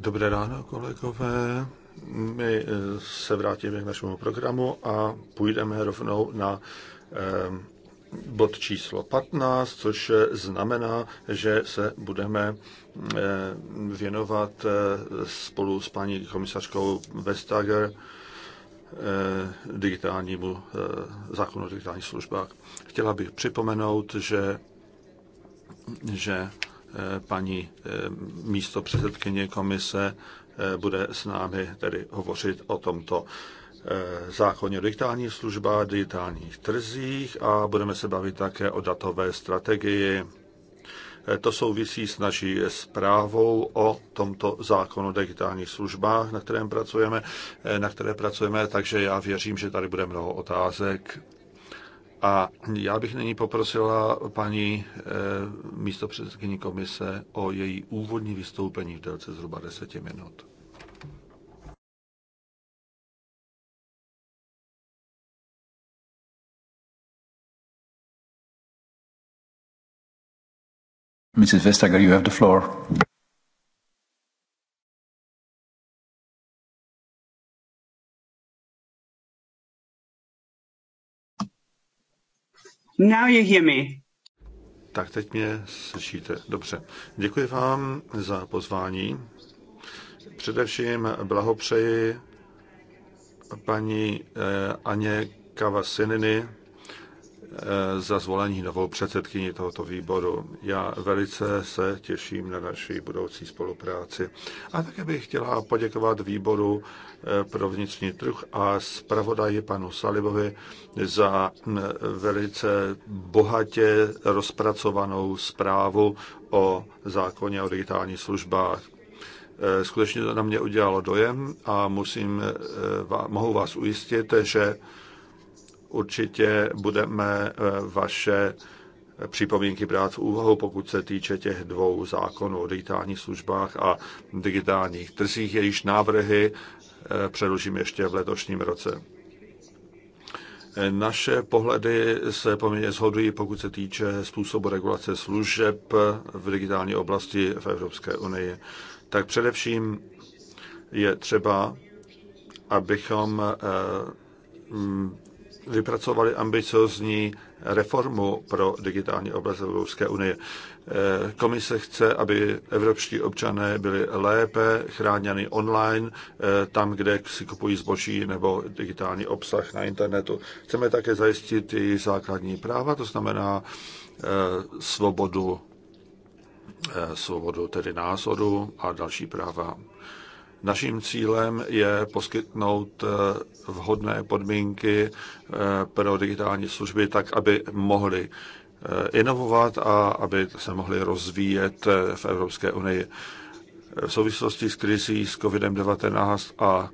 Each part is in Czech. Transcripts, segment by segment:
Dobré ráno, kolegové. My eh, se vrátíme k našemu programu a půjdeme rovnou na eh, bod číslo 15, což znamená, že se budeme eh, věnovat spolu s paní komisařkou Vestager digitálnímu zákonu o digitálních službách. Chtěla bych připomenout, že že eh, paní eh, místo předsedkyně komise eh, bude s námi tedy hovořit o tomto zákoně o digitálních službách, digitálních trzích a budeme se bavit také o datové strategii. To souvisí s naší zprávou o tomto zákonu o digitálních službách, na kterém pracujeme, na které pracujeme, takže já věřím, že tady bude mnoho otázek a já bych nyní poprosila paní eh, místopředsedkyni komise o její úvodní vystoupení v délce zhruba 10 minut. Mrs. Vestager, you have the floor. Now you hear me. Tak teď mě slyšíte. Dobře. Děkuji vám za pozvání. Především blahopřeji paní eh, Aně Kavasininy, Eh, za zvolení novou předsedkyni tohoto výboru. Já velice se těším na naší budoucí spolupráci. A také bych chtěla poděkovat výboru eh, pro vnitřní trh a zpravodaji panu Salibovi za hm, velice bohatě rozpracovanou zprávu o zákoně o digitálních službách eh, skutečně to na mě udělalo dojem a musím, mohu vás ujistit, že určitě budeme eh, vaše připomínky brát v úvahu, pokud se týče těch dvou zákonů o digitálních službách a digitálních trzích, jejichž návrhy eh, předložím ještě v letošním roce. Naše pohledy se poměrně shodují, pokud se týče způsobu regulace služeb v digitální oblasti v Evropské unii. Tak především je třeba, abychom eh, vypracovali ambiciozní reformu pro digitální oblast Evropské unie. Eh, komise chce, aby evropští občané byli lépe chráněni online, eh, tam, kde si kupují zboží nebo digitální obsah na internetu. Chceme také zajistit její základní práva, to znamená eh, svobodu, svobodu tedy názoru a další práva Naším cílem je poskytnout eh, vhodné podmínky eh, pro digitální služby tak, aby mohly eh, inovovat a aby se mohly rozvíjet v Evropské unii. V souvislosti s krizí s COVID-19 a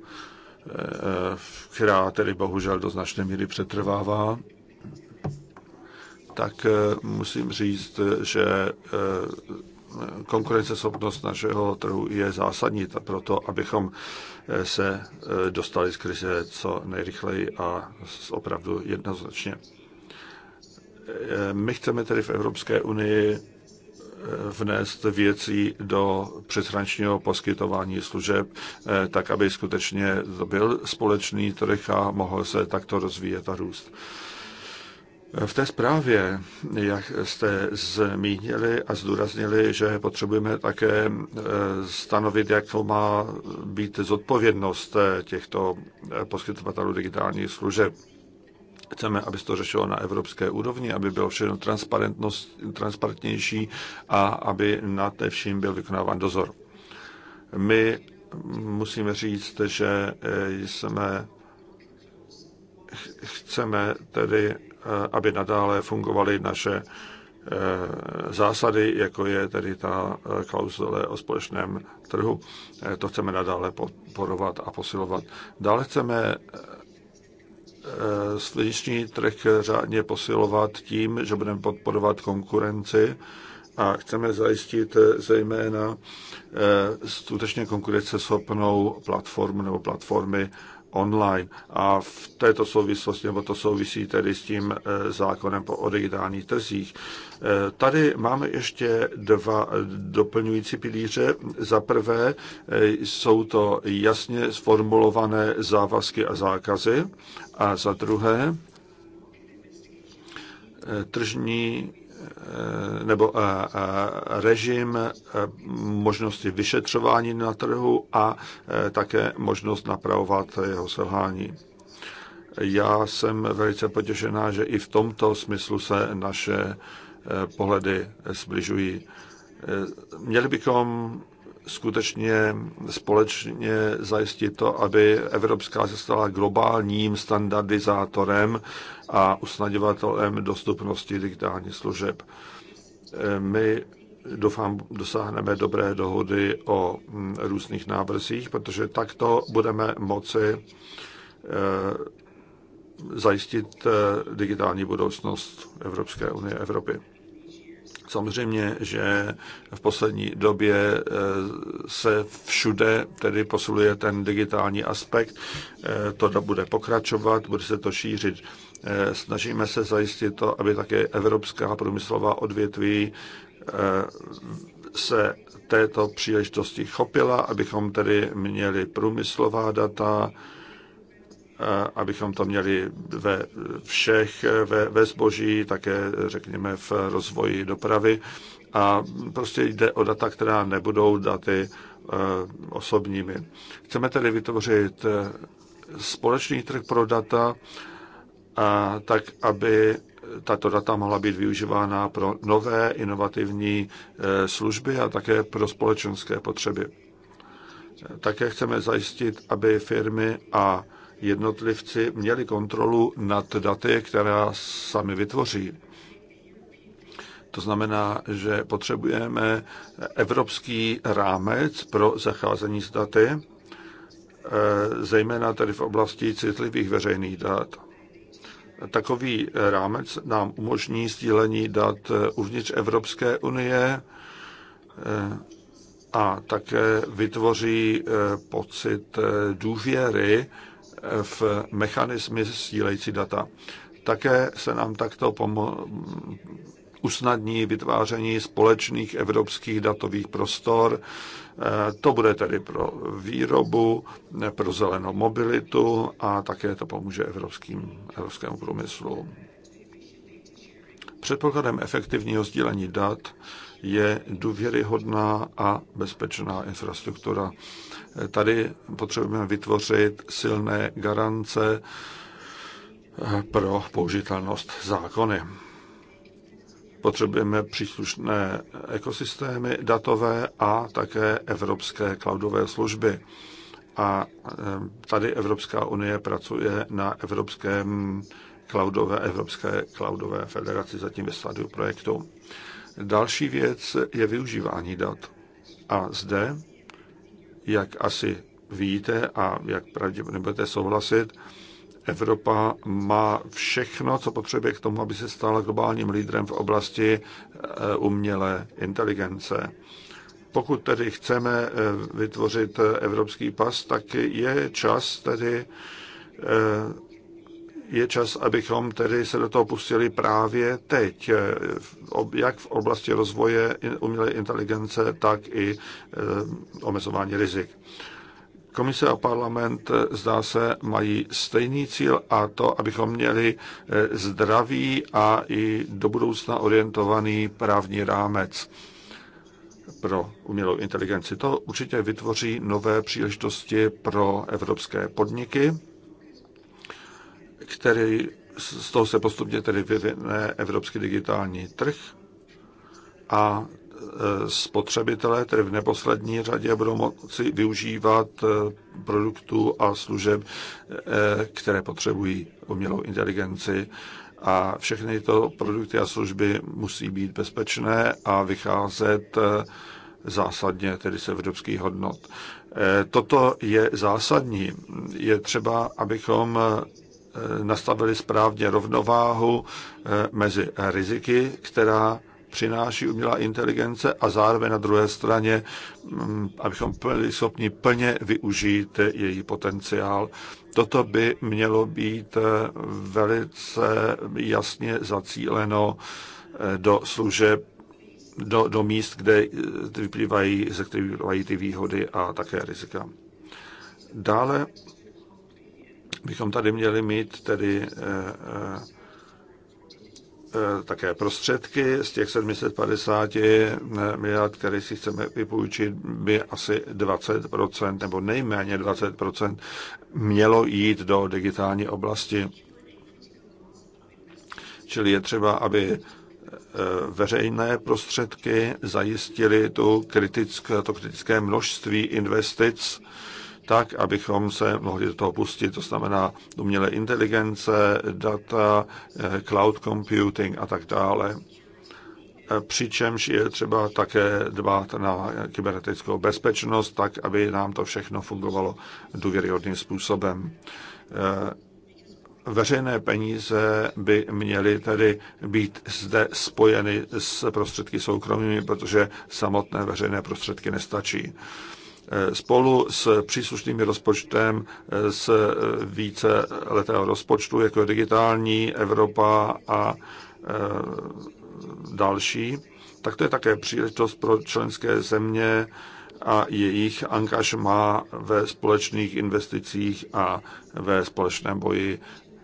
která tedy bohužel do značné míry přetrvává, tak musím říct, že konkurenceschopnost našeho trhu je zásadní pro to, abychom eh, se eh, dostali z krize co nejrychleji a opravdu jednoznačně. Eh, my chceme tedy v Evropské unii vnést věcí do přeshraničního poskytování služeb, tak aby skutečně to byl společný trh a mohl se takto rozvíjet a růst. V té zprávě, jak jste zmínili a zdůraznili, že potřebujeme také eh, stanovit, jak to má být zodpovědnost eh, těchto eh, poskytovatelů digitálních služeb. Chceme, aby se to řešilo na evropské úrovni, aby bylo všechno transparentnější a aby nad vším byl vykonáván dozor. My musíme říct, že jsme chceme tedy aby nadále fungovaly naše eh, zásady, jako je tedy ta eh, klauzule o společném trhu. Eh, to chceme nadále podporovat a posilovat. Dále chceme vnitřní trh řádně posilovat tím, že budeme podporovat konkurenci a chceme zajistit zejména skutečně konkurenceschopnou platformu nebo platformy online. A v této souvislosti, nebo to souvisí tedy s tím eh, zákonem o digitálních trzích. Eh, tady máme ještě dva eh, doplňující pilíře. Za prvé jsou to jasně sformulované závazky a zákazy. A za druhé tržní Eh, nebo eh, eh, režim možnosti vyšetřování na trhu a také možnost napravovat jeho selhání. Já jsem velice potěšená, že i v tomto smyslu se naše pohledy zbližují. Měli bychom skutečně společně zajistit to, aby Evropská se stala globálním standardizátorem a usnadňovatelem dostupnosti digitálních služeb. My doufám, dosáhneme dobré dohody o mm, různých návrzích, protože takto budeme moci e, zajistit e, digitální budoucnost Evropské unie, Evropy. Samozřejmě, že v poslední době eh, se všude tedy posiluje ten digitální aspekt, eh, to bude pokračovat, bude se to šířit. Eh, snažíme se zajistit to, aby také evropská průmyslová odvětví se této příležitosti chopila, abychom tedy měli průmyslová data, abychom to měli ve všech, ve, ve zboží, také řekněme v rozvoji dopravy. A prostě jde o data, která nebudou daty e, osobními. Chceme tedy vytvořit e, společný trh pro data, a tak aby tato data mohla být využívána pro nové inovativní e, služby a také pro společenské potřeby. Také chceme zajistit, aby firmy a jednotlivci měli kontrolu nad daty, která sami vytvoří. To znamená, že potřebujeme evropský rámec pro zacházení s daty, eh, zejména tedy v oblasti citlivých veřejných dat. Takový rámec nám umožní sdílení dat eh, uvnitř Evropské unie eh, a také vytvoří pocit důvěry v mechanismy sdílející data. Také se nám takto pomo- usnadní vytváření společných evropských datových prostor. E, to bude tedy pro výrobu, pro zelenou mobilitu a také to pomůže evropským, evropskému průmyslu. Předpokladem efektivního sdílení dat je důvěryhodná a bezpečná infrastruktura. Tady potřebujeme vytvořit silné garance eh, pro použitelnost zákony. Potřebujeme příslušné ekosystémy datové a také evropské cloudové služby. A eh, tady Evropská unie pracuje na evropském cloudové, Evropské cloudové federaci zatím ve stádiu projektu. Další věc je využívání dat. A zde, jak asi víte a jak pravděpodobně budete souhlasit, Evropa má všechno, co potřebuje k tomu, aby se stala globálním lídrem v oblasti eh, umělé inteligence. Pokud tedy chceme eh, vytvořit eh, evropský pas, tak je čas tedy je čas, abychom tedy se do toho pustili právě teď, eh, jak v oblasti rozvoje umělé inteligence, tak i eh, omezování rizik. Komise a parlament, eh, zdá se, mají stejný cíl a to, abychom měli zdravý a i do budoucna orientovaný právní rámec pro umělou inteligenci. To určitě vytvoří nové příležitosti pro evropské podniky který z toho se postupně tedy vyvine evropský digitální trh a e, spotřebitelé, tedy v neposlední řadě, budou moci využívat e, produktů a služeb, e, které potřebují umělou inteligenci. A všechny tyto produkty a služby musí být bezpečné a vycházet zásadně, tedy z evropských hodnot. Toto je zásadní. Je třeba, abychom Eh, nastavili správně rovnováhu eh, mezi riziky, která přináší umělá inteligence a zároveň na druhé straně, mm, abychom byli schopni plně využít její potenciál. Toto by mělo být eh, velice jasně zacíleno do služeb, do, do míst, kde vyplývají, ze kterých vyplývají ty výhody a také rizika. Dále bychom tady měli mít tedy eh, eh, eh, také prostředky. Z těch 750 miliard, které si chceme vypůjčit, by asi 20% nebo nejméně 20% mělo jít do digitální oblasti. Čili je třeba, aby veřejné prostředky zajistily tu kritické, to kritické množství investic, tak, abychom se mohli do toho pustit, to znamená umělé inteligence, data, eh, cloud computing a tak dále. Eh, přičemž je třeba také dbát na kybernetickou bezpečnost, tak, aby nám to všechno fungovalo důvěryhodným způsobem. Eh, veřejné peníze by měly tedy být zde spojeny s prostředky soukromými, protože samotné veřejné prostředky nestačí spolu s příslušným rozpočtem z eh, eh, více letého rozpočtu, jako digitální Evropa a eh, další, tak to je také příležitost pro členské země a jejich angažma ve společných investicích a ve společném boji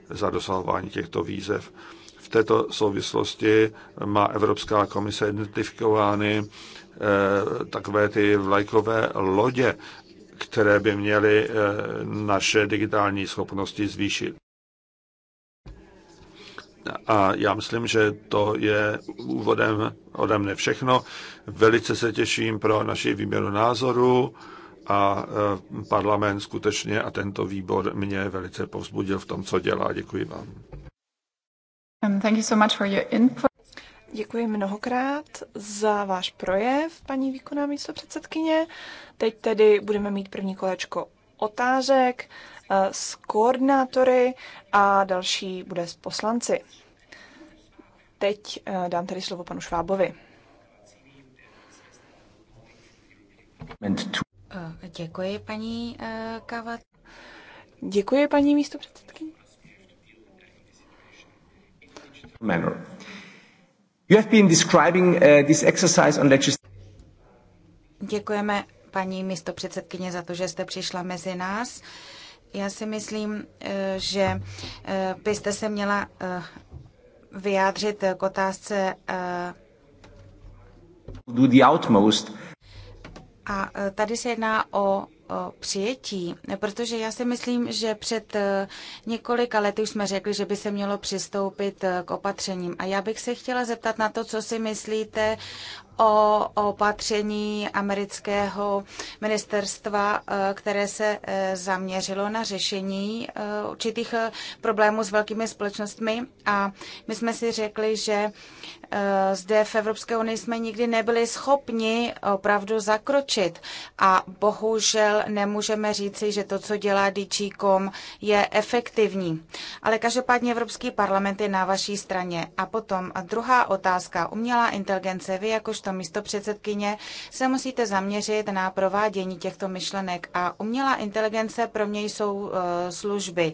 za dosahování těchto výzev. V této souvislosti má Evropská komise identifikovány Eh, takové ty vlajkové lodě, které by měly eh, naše digitální schopnosti zvýšit. A já myslím, že to je úvodem ode mne všechno. Velice se těším pro naši výměnu názoru a eh, parlament skutečně a tento výbor mě velice povzbudil v tom, co dělá. Děkuji vám. Um, thank you so much for your input. Děkuji mnohokrát za váš projev, paní výkonná místo předsedkyně. Teď tedy budeme mít první kolečko otázek eh, s koordinátory a další bude s poslanci. Teď eh, dám tedy slovo panu Švábovi. Eh, děkuji, paní Kavat. Děkuji, paní místo předsedkyně. Manner. You have been describing uh, this exercise on Děkujeme paní místopředsedkyně za to, že jste přišla mezi nás. Já si myslím, uh, že uh, byste se měla uh, vyjádřit k otázce Do the outmost. A tady se jedná o přijetí, protože já si myslím, že před eh, několika lety už jsme řekli, že by se mělo přistoupit eh, k opatřením. A já bych se chtěla zeptat na to, co si myslíte o opatření amerického ministerstva, eh, které se zaměřilo na řešení určitých problémů s velkými společnostmi. A my jsme si řekli, že Eh, zde v Evropské unii jsme nikdy nebyli schopni opravdu zakročit a bohužel nemůžeme říci, že to, co dělá DG.com, je efektivní. Ale každopádně Evropský parlament je na vaší straně. A potom a druhá otázka. Umělá inteligence. Vy jakožto místo předsedkyně se musíte zaměřit na provádění těchto myšlenek a umělá inteligence pro mě jsou eh, služby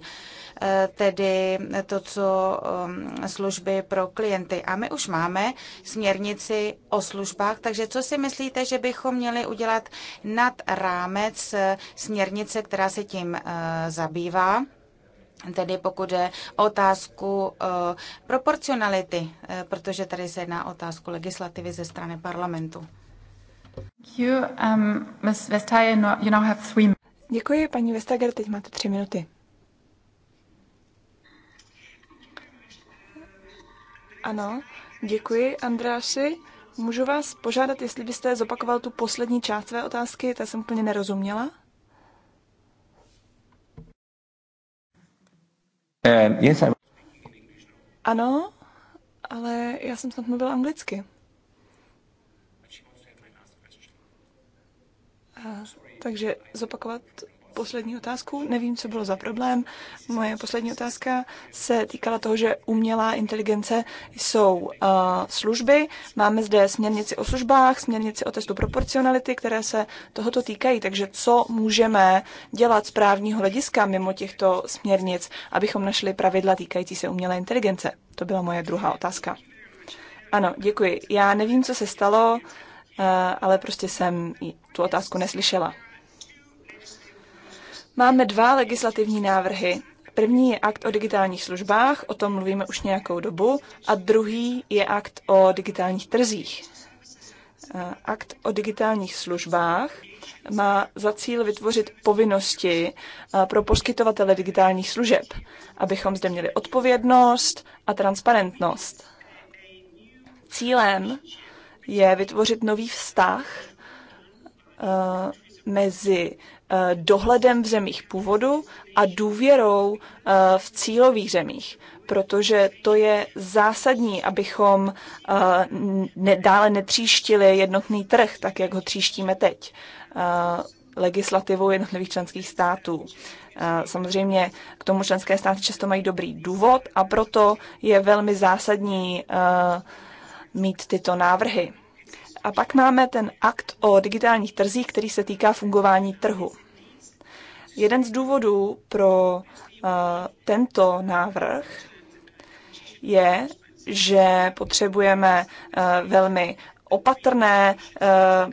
tedy to, co um, služby pro klienty. A my už máme směrnici o službách, takže co si myslíte, že bychom měli udělat nad rámec eh, směrnice, která se tím eh, zabývá? Tedy pokud je otázku otázku eh, proporcionality, protože tady se jedná otázku legislativy ze strany parlamentu. Děkuji, um, Vestager, no, you now have three... Děkuji, paní Vestager, teď máte tři minuty. Ano, děkuji, Andráši. Můžu vás požádat, jestli byste zopakoval tu poslední část své otázky, ta jsem úplně nerozuměla. Um, yes, I... Ano, ale já jsem snad mluvila anglicky. A, takže zopakovat poslední otázku. Nevím, co bylo za problém. Moje poslední otázka se týkala toho, že umělá inteligence jsou uh, služby. Máme zde směrnici o službách, směrnici o testu proporcionality, které se tohoto týkají. Takže co můžeme dělat z právního hlediska mimo těchto směrnic, abychom našli pravidla týkající se umělé inteligence? To byla moje druhá otázka. Ano, děkuji. Já nevím, co se stalo, uh, ale prostě jsem tu otázku neslyšela. Máme dva legislativní návrhy. První je akt o digitálních službách, o tom mluvíme už nějakou dobu, a druhý je akt o digitálních trzích. Eh, akt o digitálních službách má za cíl vytvořit povinnosti eh, pro poskytovatele digitálních služeb, abychom zde měli odpovědnost a transparentnost. Cílem je vytvořit nový vztah eh, mezi eh, dohledem v zemích původu a důvěrou eh, v cílových zemích, protože to je zásadní, abychom eh, dále netříštili jednotný trh, tak jak ho tříštíme teď legislativou jednotlivých členských států. Samozřejmě k tomu členské státy často mají dobrý důvod a proto je velmi zásadní mít tyto návrhy. A pak máme ten akt o digitálních trzích, který se týká fungování trhu. Jeden z důvodů pro uh, tento návrh je, že potřebujeme uh, velmi opatrné uh,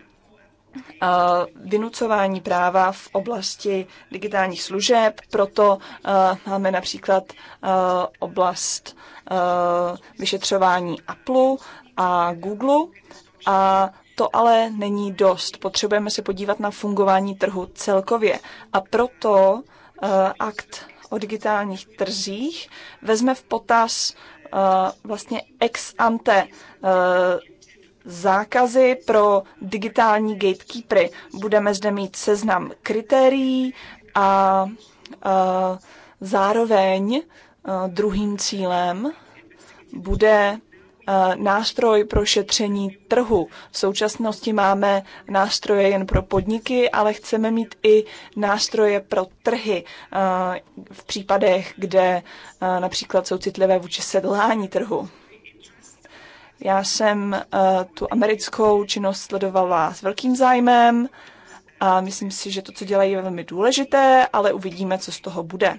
vynucování práva v oblasti digitálních služeb. Proto máme například oblast vyšetřování Apple a Google a to ale není dost. Potřebujeme se podívat na fungování trhu celkově. A proto eh, akt o digitálních trzích vezme v potaz eh, vlastně ex ante eh, zákazy pro digitální gatekeepery. Budeme zde mít seznam kritérií a zároveň druhým cílem bude Eh, nástroj pro šetření trhu. V současnosti máme nástroje jen pro podniky, ale chceme mít i nástroje pro trhy eh, v případech, kde eh, například jsou citlivé vůči sedlání trhu. Já jsem tu americkou činnost sledovala s velkým zájmem a myslím si, že to, co dělají, je velmi důležité, ale uvidíme, co z toho bude.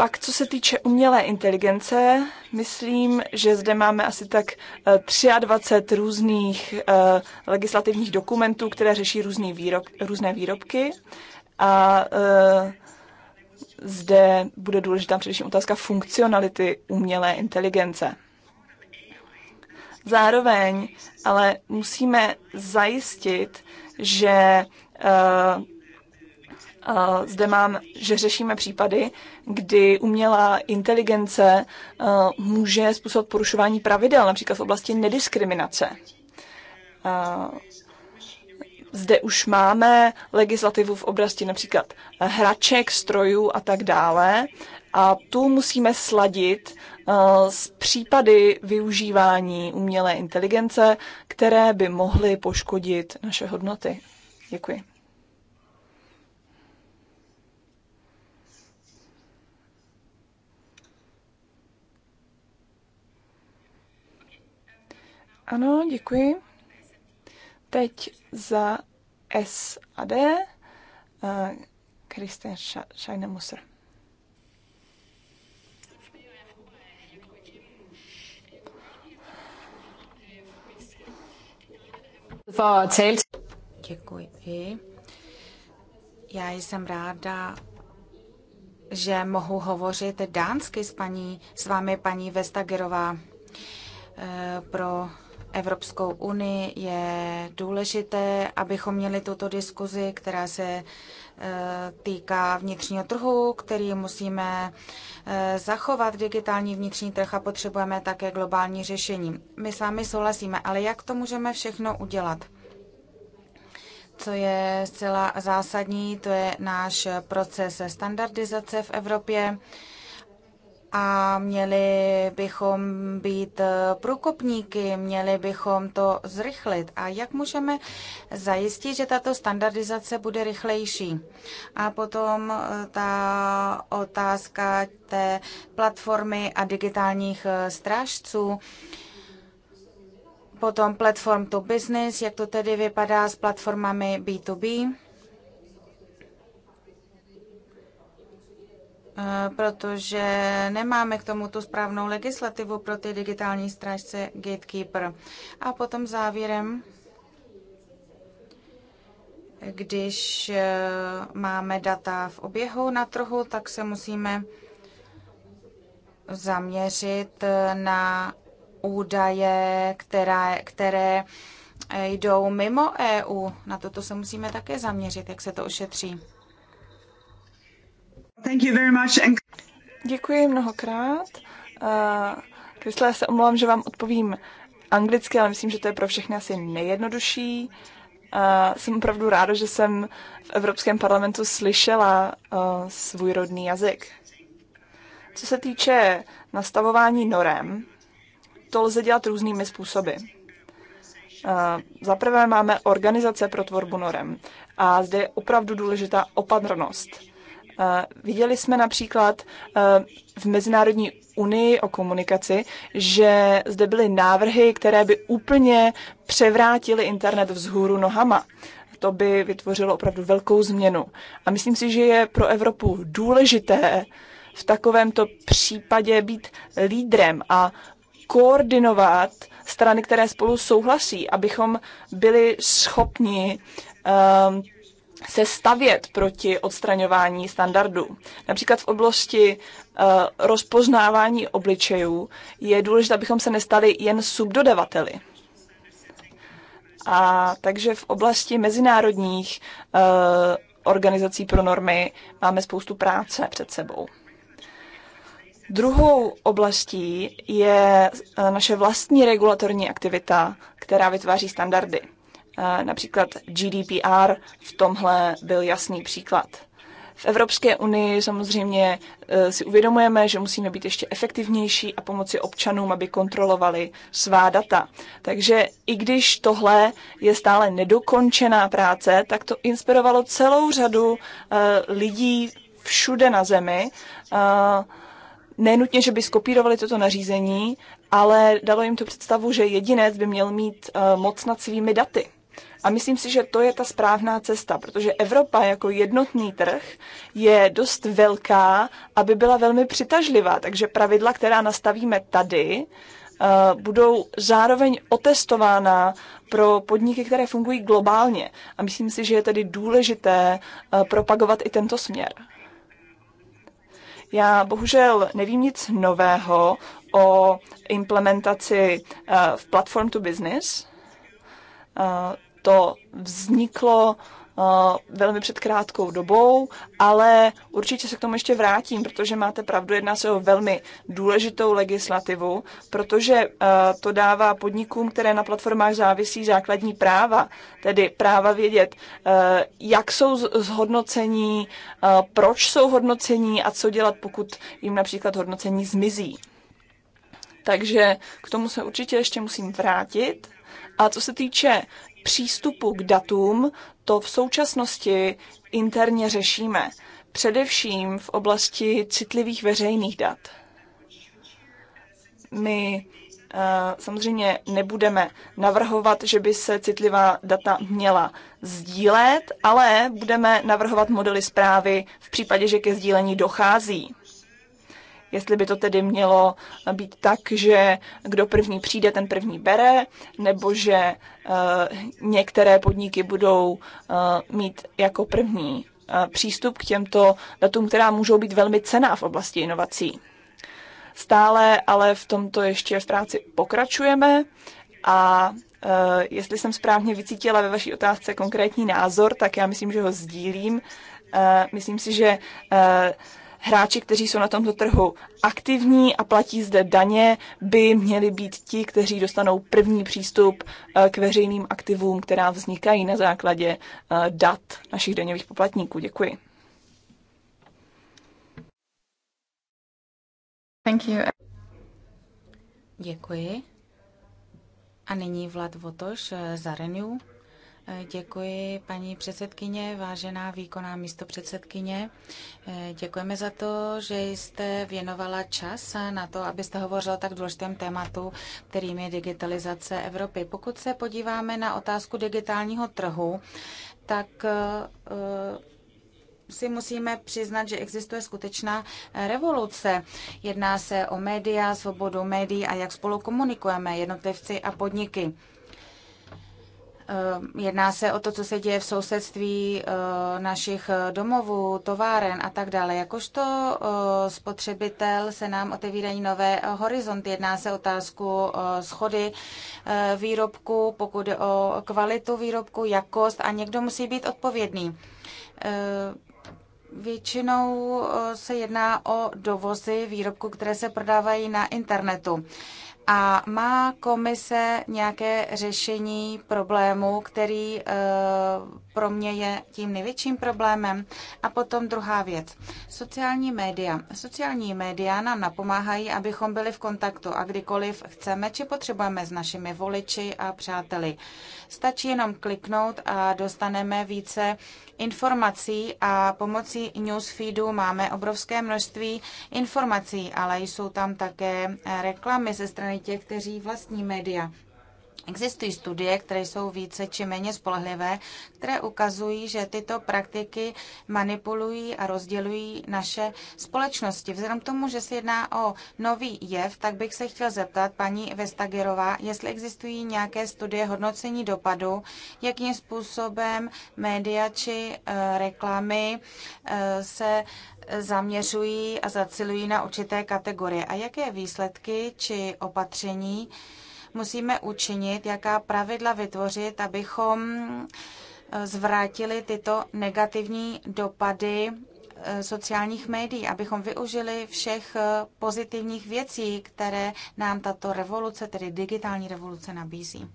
Pak, co se týče umělé inteligence, myslím, že zde máme asi tak 23 eh, různých eh, legislativních dokumentů, které řeší různý výrob, různé výrobky. A eh, zde bude důležitá především otázka funkcionality umělé inteligence. Zároveň ale musíme zajistit, že zde mám, že řešíme případy, kdy umělá inteligence e, může způsobit porušování pravidel, například v oblasti nediskriminace. E, zde už máme legislativu v oblasti například hraček, strojů a tak dále. A tu musíme sladit e, s případy využívání umělé inteligence, které by mohly poškodit naše hodnoty. Děkuji. Ano, děkuji. Teď za S a D Kristen eh, Scheinemusser. Děkuji. Já jsem ráda, že mohu hovořit dánsky s, paní, s vámi, paní Vestagerová, eh, pro Evropskou unii, je důležité, abychom měli tuto diskuzi, která se eh, týká vnitřního trhu, který musíme eh, zachovat digitální vnitřní trh a potřebujeme také globální řešení. My s vámi souhlasíme, ale jak to můžeme všechno udělat? co je zcela zásadní, to je náš proces standardizace v Evropě a měli bychom být průkopníky, měli bychom to zrychlit. A jak můžeme zajistit, že tato standardizace bude rychlejší? A potom eh, ta otázka té platformy a digitálních eh, strážců. Potom platform to business, jak to tedy vypadá s platformami B2B. Eh, protože nemáme k tomu tu správnou legislativu pro ty digitální strážce Gatekeeper. A potom závěrem, když eh, máme data v oběhu na trhu, tak se musíme zaměřit eh, na údaje, která, které jdou mimo EU. Na toto se musíme také zaměřit, jak se to ošetří. Děkuji mnohokrát. Uh, Krysle, já se omlouvám, že vám odpovím anglicky, ale myslím, že to je pro všechny asi nejjednodušší. Eh, jsem opravdu ráda, že jsem v Evropském parlamentu slyšela eh, svůj rodný jazyk. Co se týče nastavování norem, to lze dělat různými způsoby. Uh, Za prvé máme organizace pro tvorbu norem a zde je opravdu důležitá opatrnost Viděli jsme například e, v Mezinárodní unii o komunikaci, že zde byly návrhy, které by úplně převrátily internet vzhůru nohama. To by vytvořilo opravdu velkou změnu. A myslím si, že je pro Evropu důležité v takovémto případě být lídrem a koordinovat strany, které spolu souhlasí, abychom byli schopni um, se stavět proti odstraňování standardů. Například v oblasti uh, rozpoznávání obličejů je důležité, abychom se nestali jen subdodavateli. A takže v oblasti mezinárodních uh, organizací pro normy máme spoustu práce před sebou. Druhou oblastí je eh, naše vlastní regulatorní aktivita, která vytváří standardy. Eh, například GDPR v tomhle byl jasný příklad. V Evropské unii samozřejmě eh, si uvědomujeme, že musíme být ještě efektivnější a pomoci občanům, aby kontrolovali svá data. Takže i když tohle je stále nedokončená práce, tak to inspirovalo celou řadu eh, lidí všude na zemi. Nenutně, že by skopírovali toto nařízení, ale dalo jim to představu, že jedinec by měl mít moc nad svými daty. A myslím si, že to je ta správná cesta, protože Evropa jako jednotný trh je dost velká, aby byla velmi přitažlivá. Takže pravidla, která nastavíme tady, eh, budou zároveň otestována pro podniky, které fungují globálně. A myslím si, že je tedy důležité eh, propagovat i tento směr. Já bohužel nevím nic nového o implementaci eh, v Platform to Business to vzniklo eh, velmi před krátkou dobou, ale určitě se k tomu ještě vrátím, protože máte pravdu, jedná se o velmi důležitou legislativu, protože eh, to dává podnikům, které na platformách závisí základní práva, tedy práva vědět, eh, jak jsou zhodnocení, proč jsou hodnocení a co dělat, pokud jim například hodnocení zmizí. Takže k tomu se určitě ještě musím vrátit. A co se týče přístupu k datům to v současnosti interně řešíme, především v oblasti citlivých veřejných dat. My eh, samozřejmě nebudeme navrhovat, že by se citlivá data měla sdílet, ale budeme navrhovat modely zprávy v případě, že ke sdílení dochází jestli by to tedy mělo být tak, že kdo první přijde, ten první bere, nebo že eh, některé podniky budou eh, mít jako první eh, přístup k těmto datům, která můžou být velmi cená v oblasti inovací. Stále ale v tomto ještě v práci pokračujeme a jestli jsem správně vycítila ve vaší otázce konkrétní názor, tak já myslím, že ho sdílím. Myslím si, že hráči, kteří jsou na tomto trhu aktivní a platí zde daně, by měli být ti, kteří dostanou první přístup eh, k veřejným aktivům, která vznikají na základě eh, dat našich daňových poplatníků. Děkuji. Thank you. Děkuji. A nyní Vlad Votoš eh, za Renew. Děkuji, paní předsedkyně, vážená výkonná místopředsedkyně. Děkujeme za to, že jste věnovala čas na to, abyste hovořila tak důležitém tématu, kterým je digitalizace Evropy. Pokud se podíváme na otázku digitálního trhu, tak eh, si musíme přiznat, že existuje skutečná revoluce. Jedná se o média, svobodu médií a jak spolu komunikujeme jednotlivci a podniky. Eh, jedná se o to, co se děje v sousedství eh, našich eh, domovů, továren a tak dále. Jakožto spotřebitel se nám otevírají nové horizonty. Jedná se o otázku schody výrobku, pokud o kvalitu výrobku, jakost a někdo musí být odpovědný. Většinou se jedná o dovozy výrobku, které se prodávají na internetu. A má komise nějaké řešení problému, který eh, pro mě je tím největším problémem? A potom druhá věc. Sociální média. Sociální média nám napomáhají, abychom byli v kontaktu a kdykoliv chceme či potřebujeme s našimi voliči a přáteli. Stačí jenom kliknout a dostaneme více informací a pomocí newsfeedu máme obrovské množství informací, ale jsou tam také reklamy ze strany těch, kteří vlastní média. Existují studie, které jsou více či méně spolehlivé, které ukazují, že tyto praktiky manipulují a rozdělují naše společnosti. Vzhledem k tomu, že se jedná o nový jev, tak bych se chtěl zeptat paní Vestagerová, jestli existují nějaké studie hodnocení dopadu, jakým způsobem média či eh, reklamy eh, se zaměřují a zacilují na určité kategorie a jaké výsledky či opatření musíme učinit, jaká pravidla vytvořit, abychom eh, zvrátili tyto negativní dopady eh, sociálních médií, abychom využili všech eh, pozitivních věcí, které nám tato revoluce, tedy digitální revoluce, nabízí.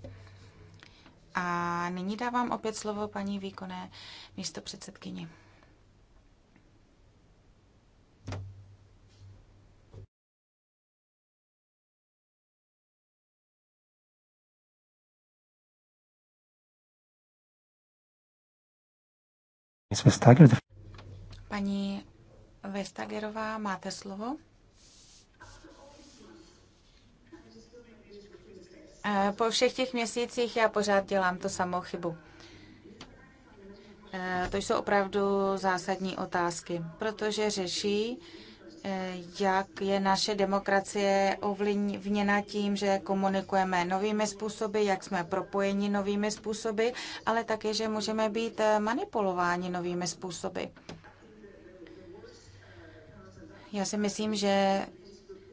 A nyní dávám opět slovo paní výkonné místopředsedkyni. Paní Vestagerová, máte slovo. E, po všech těch měsících já pořád dělám to samou chybu. E, to jsou opravdu zásadní otázky, protože řeší Eh, jak je naše demokracie ovlivněna tím, že komunikujeme novými způsoby, jak jsme propojeni novými způsoby, ale také, že můžeme být eh, manipulováni novými způsoby. Já si myslím, že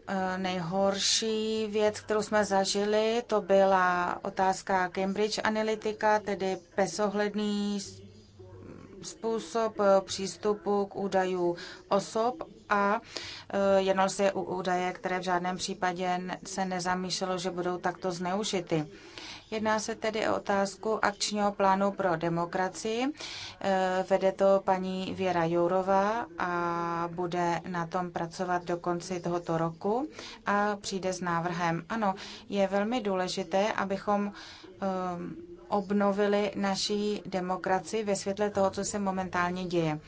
eh, nejhorší věc, kterou jsme zažili, to byla otázka Cambridge Analytica, tedy bezohledný způsob přístupu k údajů osob a eh, jednal se u údaje, které v žádném případě se nezamýšlelo, že budou takto zneužity. Jedná se tedy o otázku akčního plánu pro demokracii. Eh, vede to paní Věra Jourová a bude na tom pracovat do konce tohoto roku a přijde s návrhem. Ano, je velmi důležité, abychom eh, obnovili naší demokracii ve světle toho, co se momentálně děje.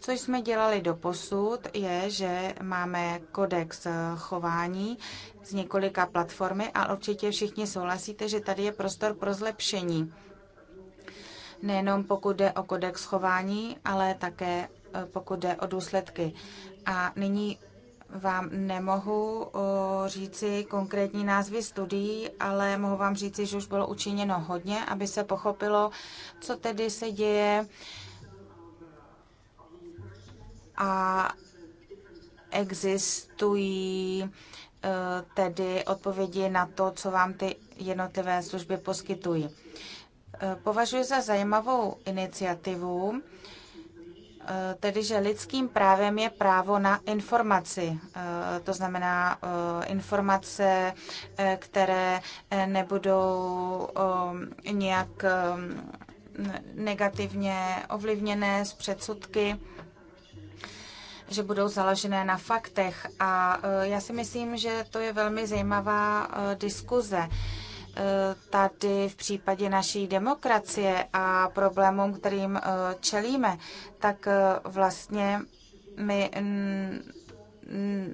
Co jsme dělali do posud, je, že máme kodex chování z několika platformy a určitě všichni souhlasíte, že tady je prostor pro zlepšení. Nejenom pokud jde o kodex chování, ale také eh, pokud jde o důsledky. A nyní vám nemohu říci konkrétní názvy studií, ale mohu vám říci, že už bylo učiněno hodně, aby se pochopilo, co tedy se děje a existují e, tedy odpovědi na to, co vám ty jednotlivé služby poskytují. E, považuji za zajímavou iniciativu, Eh, tedy že lidským právem je právo na informaci. Eh, to znamená eh, informace, které nebudou nějak negativně ovlivněné z předsudky že budou založené na faktech. A já si myslím, že to je velmi zajímavá diskuze. Eh, tady v případě naší demokracie a problémům, kterým eh, čelíme, tak eh, vlastně my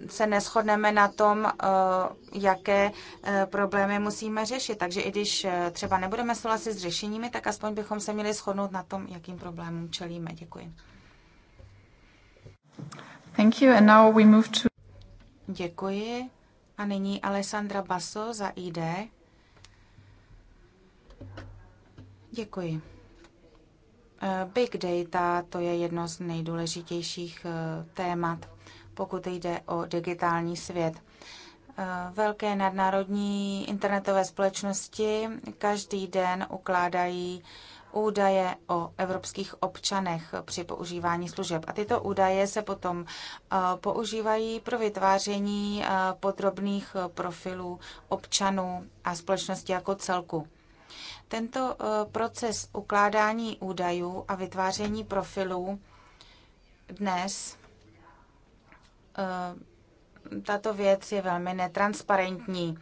se neschodneme na tom, jaké problémy musíme řešit. Takže i když třeba nebudeme souhlasit s řešeními, tak aspoň bychom se měli shodnout na tom, jakým problémům čelíme. Děkuji. Thank you. And now we move to... Děkuji. A nyní Alessandra Basso za ID. Děkuji. Eh, big data to je jedno z nejdůležitějších eh, témat, pokud jde o digitální svět. Eh, velké nadnárodní internetové společnosti každý den ukládají údaje o evropských občanech při používání služeb. A tyto údaje se potom používají pro vytváření podrobných profilů občanů a společnosti jako celku. Tento eh, proces ukládání údajů a vytváření profilů dnes eh, tato věc je velmi netransparentní.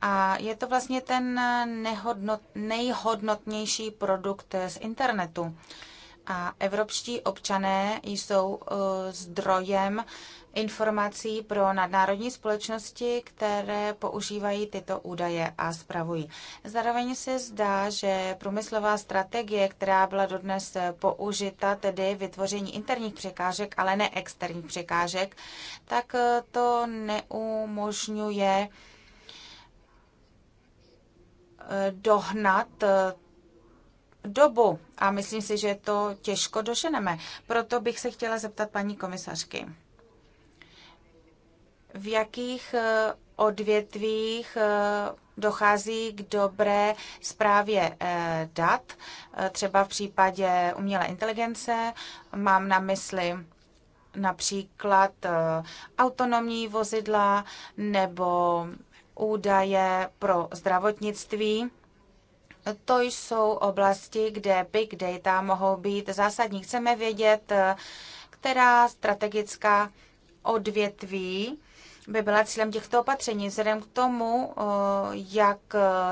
A je to vlastně ten nehodnot, nejhodnotnější produkt z internetu. A evropští občané jsou eh, zdrojem informací pro nadnárodní společnosti, které používají tyto údaje a zpravují. Zároveň se zdá, že průmyslová strategie, která byla dodnes použita, tedy vytvoření interních překážek, ale ne externích překážek, tak to neumožňuje eh, dohnat eh, dobu a myslím si, že to těžko doženeme. Proto bych se chtěla zeptat paní komisařky v jakých eh, odvětvích eh, dochází k dobré zprávě eh, dat, třeba v případě umělé inteligence. Mám na mysli například autonomní vozidla nebo údaje pro zdravotnictví. To jsou oblasti, kde big data mohou být zásadní. Chceme vědět, která strategická odvětví by byla cílem těchto opatření. Vzhledem k tomu, jak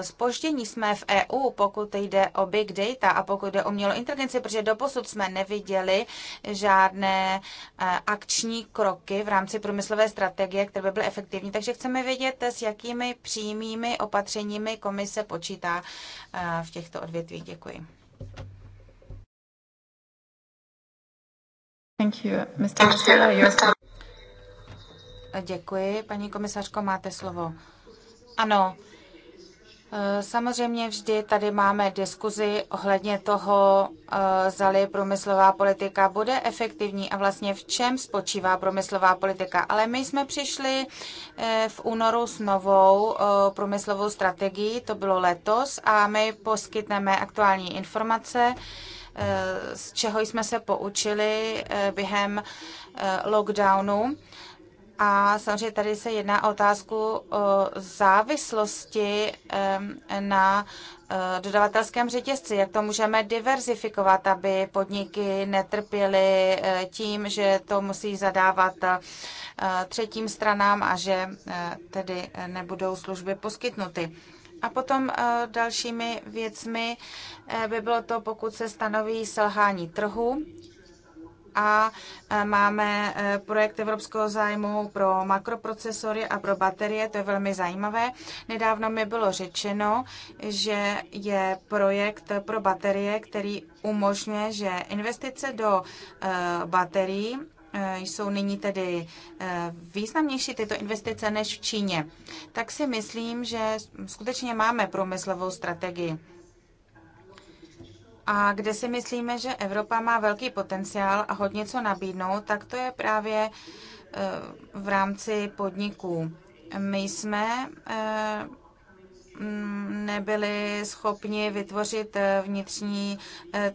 spoždění e, jsme v EU, pokud jde o big data a pokud jde o umělou inteligenci, protože doposud jsme neviděli žádné e, akční kroky v rámci průmyslové strategie, které by byly efektivní. Takže chceme vědět, s jakými přímými opatřeními komise počítá e, v těchto odvětvích. Děkuji. Thank you. Mr. Stella, Děkuji. Paní komisařko, máte slovo. Ano, eh, Samozřejmě vždy tady máme diskuzi ohledně toho, eh, zali průmyslová politika bude efektivní a vlastně v čem spočívá průmyslová politika. Ale my jsme přišli eh, v únoru s novou průmyslovou strategií, to bylo letos, a my poskytneme aktuální informace, z čeho jsme se poučili během lockdownu a samozřejmě tady se jedná o otázku o závislosti na e, dodavatelském řetězci, jak to můžeme diverzifikovat, aby podniky netrpěly e, tím, že to musí zadávat e, třetím stranám a že tedy nebudou služby poskytnuty. A potom dalšími věcmi by bylo to, pokud se stanoví selhání trhu a e, máme e, projekt Evropského zájmu pro makroprocesory a pro baterie, to je velmi zajímavé. Nedávno mi bylo řečeno, že je projekt pro baterie, který umožňuje, že investice do e, baterií jsou nyní tedy významnější tyto investice než v Číně, tak si myslím, že skutečně máme průmyslovou strategii a kde si myslíme, že Evropa má velký potenciál a hodně co nabídnout, tak to je právě eh, v rámci podniků. My jsme eh, mm, nebyli schopni vytvořit eh, vnitřní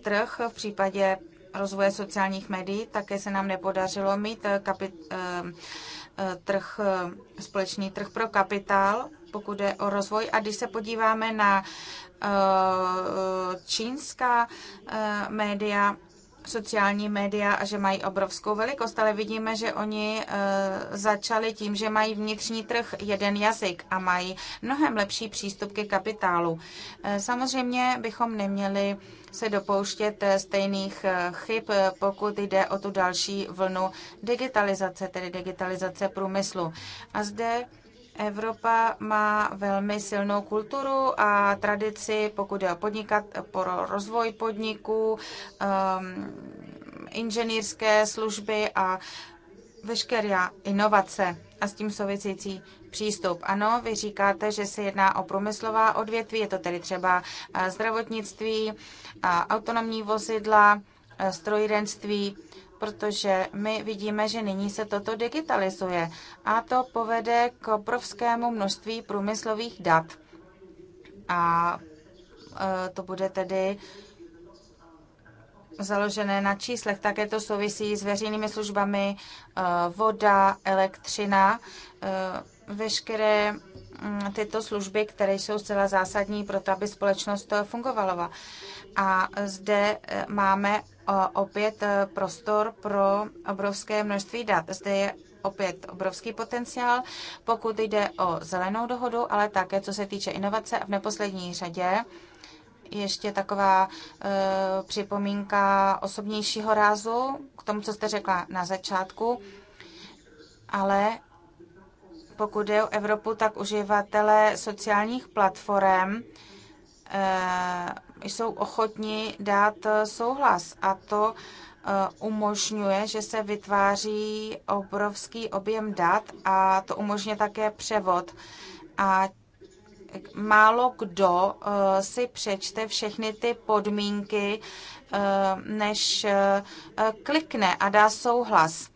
trh v případě rozvoje sociálních médií. Také se nám nepodařilo mít kapit, trh, společný trh pro kapitál, pokud je o rozvoj. A když se podíváme na Eh, čínská eh, média sociální média a že mají obrovskou velikost, ale vidíme, že oni eh, začali tím, že mají vnitřní trh jeden jazyk a mají mnohem lepší přístup ke kapitálu. samozřejmě bychom neměli se dopouštět stejných chyb, pokud jde o tu další vlnu digitalizace, tedy digitalizace průmyslu. A zde Evropa má velmi silnou kulturu a tradici, pokud je podnikat pro rozvoj podniků, um, inženýrské služby a veškerá inovace a s tím související přístup. Ano, vy říkáte, že se jedná o průmyslová odvětví, je to tedy třeba eh, zdravotnictví, eh, autonomní vozidla, eh, strojírenství, protože my vidíme, že nyní se toto digitalizuje a to povede k obrovskému množství průmyslových dat. A e, to bude tedy založené na číslech. Také to souvisí s veřejnými službami, e, voda, elektřina, e, veškeré mm, tyto služby, které jsou zcela zásadní pro to, aby společnost fungovala. A zde máme opět eh, prostor pro obrovské množství dat. Zde je opět obrovský potenciál, pokud jde o zelenou dohodu, ale také co se týče inovace a v neposlední řadě ještě taková e, připomínka osobnějšího rázu k tomu, co jste řekla na začátku, ale pokud jde o Evropu, tak uživatelé sociálních platform e, jsou ochotni dát eh, souhlas a to eh, umožňuje, že se vytváří obrovský objem dat a to umožňuje také převod. A málo kdo eh, si přečte všechny ty podmínky, než klikne a dá souhlas.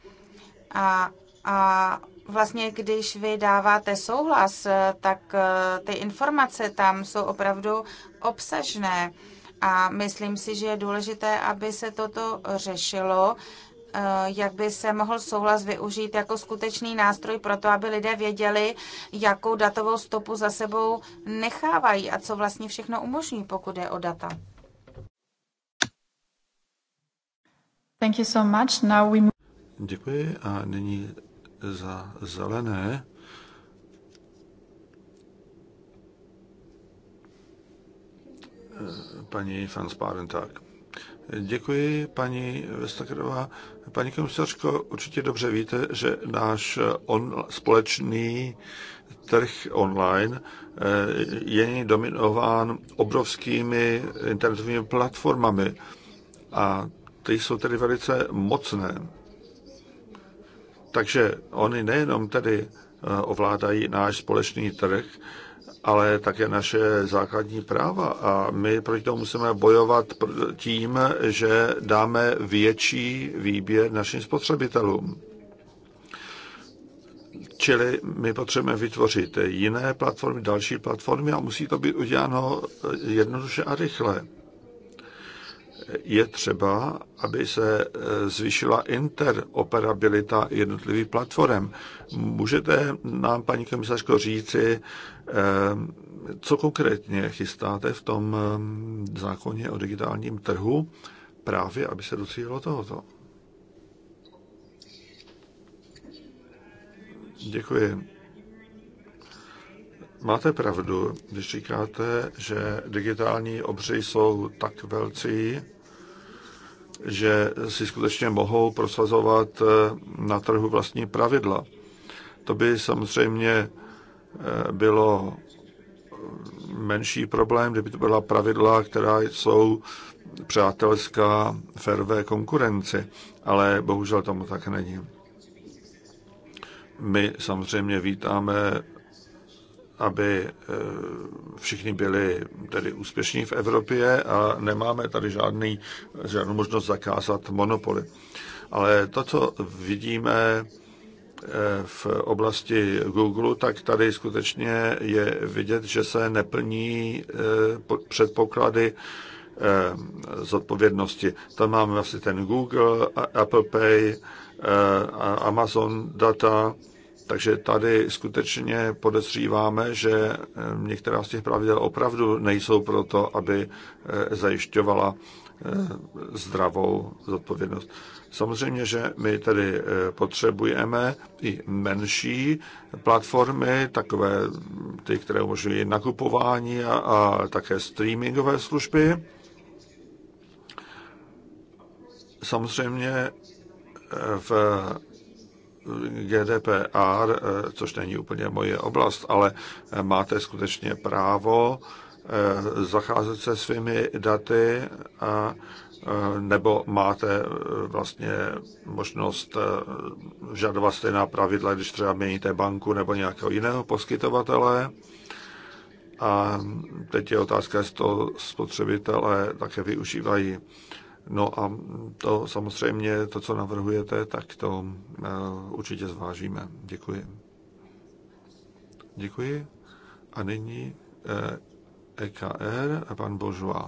A, a vlastně, když vy dáváte souhlas, eh, tak eh, ty informace tam jsou opravdu obsažné. A myslím si, že je důležité, aby se toto řešilo, eh, jak by se mohl souhlas využít jako skutečný nástroj pro to, aby lidé věděli, jakou datovou stopu za sebou nechávají a co vlastně všechno umožní, pokud je o data. Thank you so much. Now we move... Děkuji a nyní za zelené. Paní Fanspáren, tak. Děkuji, paní Vestakerová. Paní komisařko, určitě dobře víte, že náš on, společný trh online eh, je dominován obrovskými internetovými platformami a ty jsou tedy velice mocné. Takže oni nejenom tedy eh, ovládají náš společný trh, ale také naše základní práva. A my proti tomu musíme bojovat tím, že dáme větší výběr našim spotřebitelům. Čili my potřebujeme vytvořit jiné platformy, další platformy a musí to být uděláno eh, jednoduše a rychle je třeba, aby se eh, zvýšila interoperabilita jednotlivých platform. Můžete nám, paní komisařko, říci, eh, co konkrétně chystáte v tom eh, zákoně o digitálním trhu, právě aby se docílilo tohoto? Děkuji. Máte pravdu, když říkáte, že digitální obři jsou tak velcí, že si skutečně mohou prosazovat eh, na trhu vlastní pravidla. To by samozřejmě eh, bylo menší problém, kdyby to byla pravidla, která jsou přátelská fervé konkurenci, ale bohužel tomu tak není. My samozřejmě vítáme aby eh, všichni byli tedy úspěšní v Evropě a nemáme tady žádný, žádnou možnost zakázat monopoly. Ale to, co vidíme eh, v oblasti Google, tak tady skutečně je vidět, že se neplní eh, předpoklady zodpovědnosti. Tam máme vlastně ten Google, Apple Pay, Amazon data, takže tady skutečně podezříváme, že eh, některá z těch pravidel opravdu nejsou proto, aby eh, zajišťovala eh, zdravou zodpovědnost. Samozřejmě, že my tedy potřebujeme i menší platformy, takové ty, které umožňují nakupování a, a také streamingové služby. Samozřejmě v GDPR, eh, což není úplně moje oblast, ale eh, máte skutečně právo eh, zacházet se svými daty a nebo máte vlastně možnost žadovat stejná pravidla, když třeba měníte banku nebo nějakého jiného poskytovatele. A teď je otázka, jestli to spotřebitelé také využívají. No a to samozřejmě, to, co navrhujete, tak to eh, určitě zvážíme. Děkuji. Děkuji. A nyní EKR eh, e a pan Bourgeois.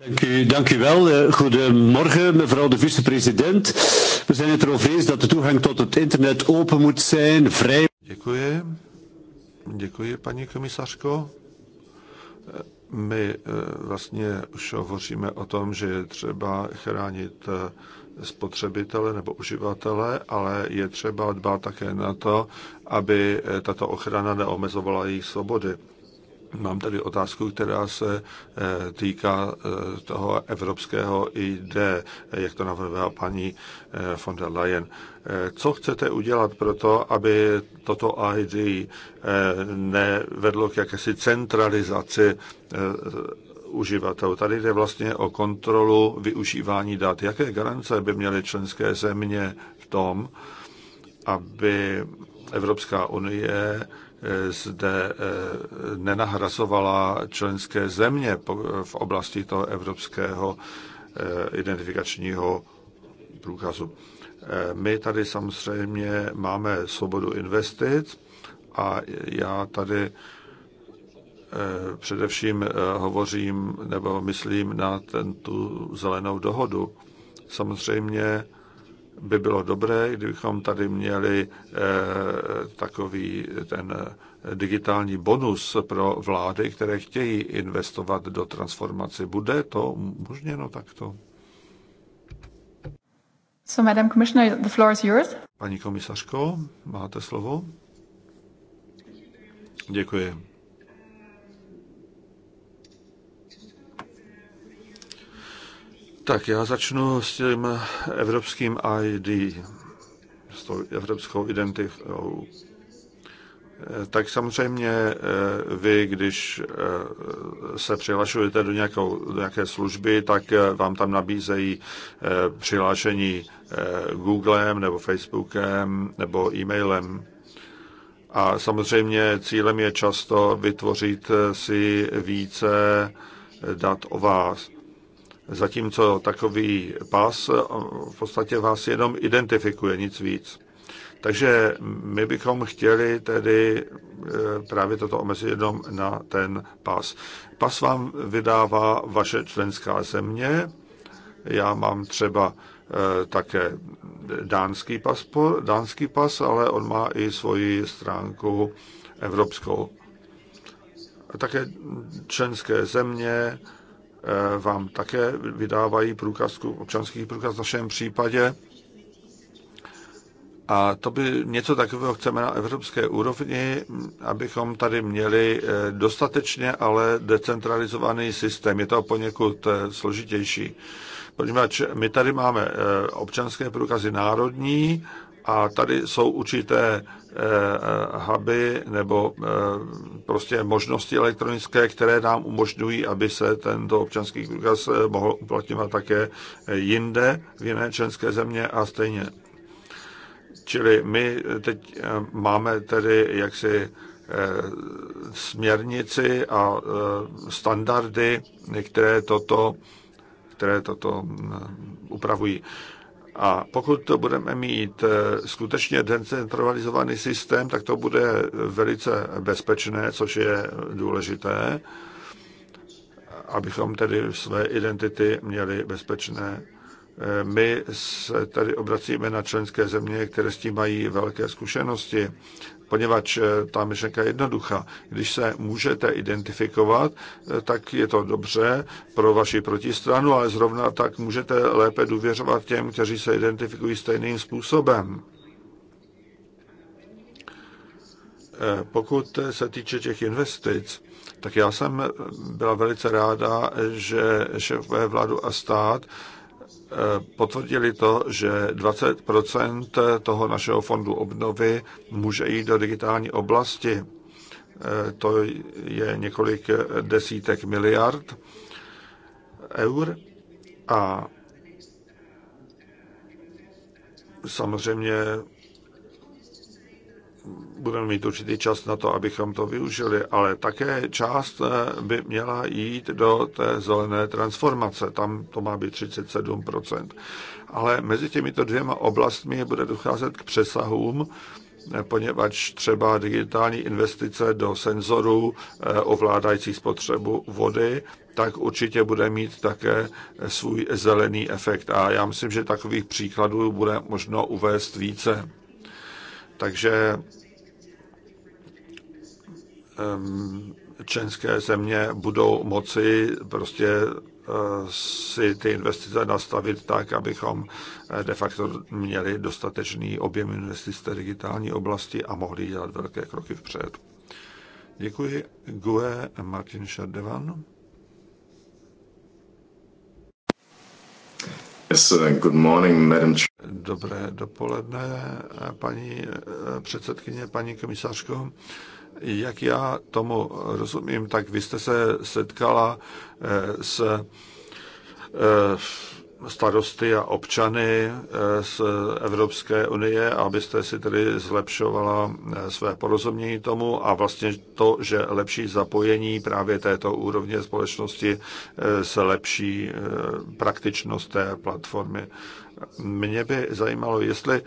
Dank u, dank u wel. Uh, goedemorgen, mevrouw de vicepresident. We zijn het erover eens dat de toegang tot het internet open moet zijn, vrij. Děkuji. Děkuji, paní komisařko. My eh, vlastně už hovoříme o tom, že je třeba chránit eh, spotřebitele nebo uživatele, ale je třeba dbát také na to, aby eh, tato ochrana neomezovala jejich svobody. Mám tady otázku, která se eh, týká eh, toho evropského ID, jak to navrhla paní eh, von der Leyen. Co chcete udělat pro to, aby toto ID nevedlo k jakési centralizaci uživatelů? Tady jde vlastně o kontrolu využívání dat. Jaké garance by měly členské země v tom, aby Evropská unie zde eh, nenahrazovala členské země v oblasti toho evropského eh, identifikačního průkazu. Eh, my tady samozřejmě máme svobodu investic a já tady především hovořím nebo myslím na tu zelenou dohodu. Samozřejmě by bylo dobré, kdybychom tady měli eh, takový ten eh, digitální bonus pro vlády, které chtějí investovat do transformace. Bude to možněno takto? So, Madam Commissioner, the floor is yours. Paní komisařko, máte slovo. Děkuji. Tak já začnu s tím evropským ID, s tou evropskou identitou. Tak samozřejmě eh, vy, když eh, se přihlašujete do, nějakou, do nějaké služby, tak eh, vám tam nabízejí přihlášení Googlem nebo Facebookem nebo e-mailem. A samozřejmě cílem je často vytvořit si více dat o vás. Zatímco takový pas eh, v podstatě vás jenom identifikuje, nic víc. Takže my bychom chtěli tedy eh, právě toto omezit jenom na ten pas. Pas vám vydává vaše členská země. Já mám třeba eh, také dánský, paspor, dánský pas, ale on má i svoji stránku evropskou. Také členské země, Eh, vám také vydávají průkazku, občanský průkaz v našem případě. A to by něco takového chceme na evropské úrovni, abychom tady měli eh, dostatečně, ale decentralizovaný systém. Je to poněkud eh, složitější. Podívejte, my tady máme občanské průkazy národní, a tady jsou určité eh, eh, huby nebo eh, prostě možnosti elektronické, které nám umožňují, aby se tento občanský průkaz mohl uplatňovat také jinde, v jiné členské země a stejně. Čili my teď máme tedy jaksi směrnici a standardy, které toto, které toto upravují. A pokud to budeme mít eh, skutečně decentralizovaný systém, tak to bude velice bezpečné, což je důležité, abychom tedy své identity měli bezpečné. Eh, my se tady obracíme na členské země, které s tím mají velké zkušenosti poněvadž eh, ta myšlenka je jednoduchá. Když se můžete identifikovat, eh, tak je to dobře pro vaši protistranu, ale zrovna tak můžete lépe důvěřovat těm, kteří se identifikují stejným způsobem. Eh, pokud se týče těch investic, tak já jsem byla velice ráda, že šéfové vládu a stát Eh, potvrdili to, že 20 toho našeho fondu obnovy může jít do digitální oblasti. Eh, to je několik desítek miliard eur a samozřejmě budeme mít určitý čas na to, abychom to využili, ale také část eh, by měla jít do té zelené transformace. Tam to má být 37%. Ale mezi těmito dvěma oblastmi bude docházet k přesahům, eh, poněvadž třeba digitální investice do senzorů eh, ovládajících spotřebu vody, tak určitě bude mít také svůj zelený efekt. A já myslím, že takových příkladů bude možno uvést více. Takže členské země budou moci prostě eh, si ty investice nastavit tak, abychom eh, de facto měli dostatečný objem investic v té digitální oblasti a mohli dělat velké kroky vpřed. Děkuji. Gue Martin Šardevan. Yes, uh, good morning, madam. Dobré dopoledne, eh, paní předsedkyně, paní komisářko jak já tomu rozumím, tak vy jste se setkala eh, s eh, starosty a občany eh, z Evropské unie, abyste si tedy zlepšovala eh, své porozumění tomu a vlastně to, že lepší zapojení právě této úrovně společnosti eh, se lepší praktičnost té platformy. Mě by zajímalo, jestli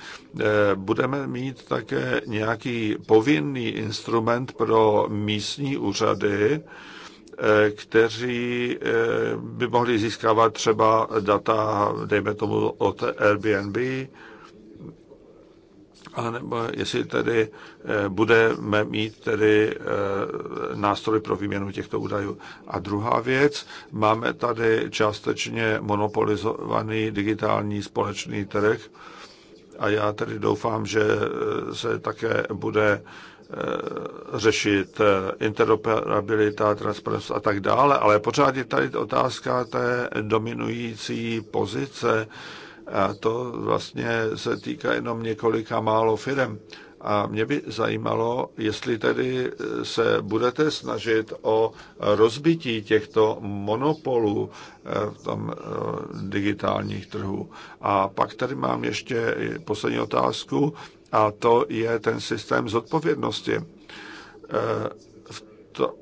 budeme mít také nějaký povinný instrument pro místní úřady, Eh, kteří eh, by mohli získávat třeba data, dejme tomu, od Airbnb, a nebo jestli tedy eh, budeme mít tedy nástroj pro výměnu těchto údajů. A druhá věc, máme tady částečně monopolizovaný digitální společný trh a já tedy doufám, že se také bude Eh, řešit eh, interoperabilita, transparentnost a tak dále, ale pořád je tady otázka té dominující pozice a to vlastně se týká jenom několika málo firm. A mě by zajímalo, jestli tedy eh, se budete snažit o rozbití těchto monopolů v tom digitálních trhu. A pak tady mám ještě poslední otázku. A to je ten systém zodpovědnosti. Eh, v, to,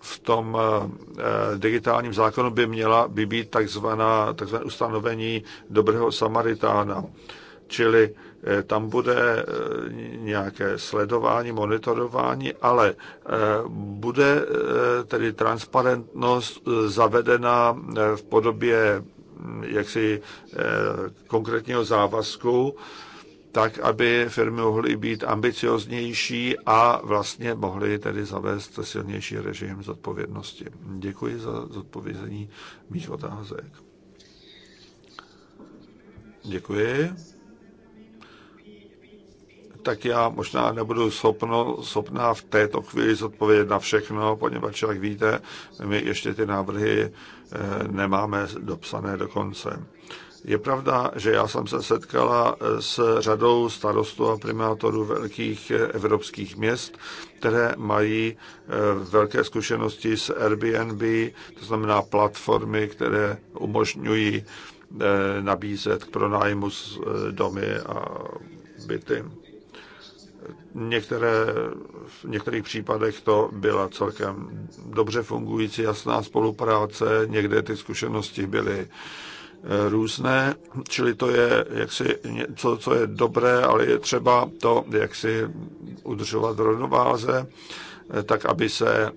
v tom eh, digitálním zákonu by měla by být takzvaná, takzvané ustanovení dobrého samaritána. Čili eh, tam bude nějaké sledování, monitorování, ale bude tedy transparentnost zavedena v podobě hm, jaksi konkrétního závazku tak, aby firmy mohly být ambicioznější a vlastně mohly tedy zavést silnější režim zodpovědnosti. Děkuji za zodpovězení mých otázek. Děkuji. Tak já možná nebudu schopno, schopná v této chvíli zodpovědět na všechno, poněvadž, jak víte, my ještě ty návrhy eh, nemáme dopsané do konce. Je pravda, že já jsem se setkala eh, s řadou starostů a primátorů velkých eh, evropských měst, které mají eh, velké zkušenosti s Airbnb, to znamená platformy, které umožňují nabízet k pronájmu domy a byty. Některé, v některých případech to byla celkem dobře fungující jasná spolupráce, někde ty zkušenosti byly různé, čili to je jaksi něco, co je dobré, ale je třeba to jaksi udržovat v rovnováze, tak aby se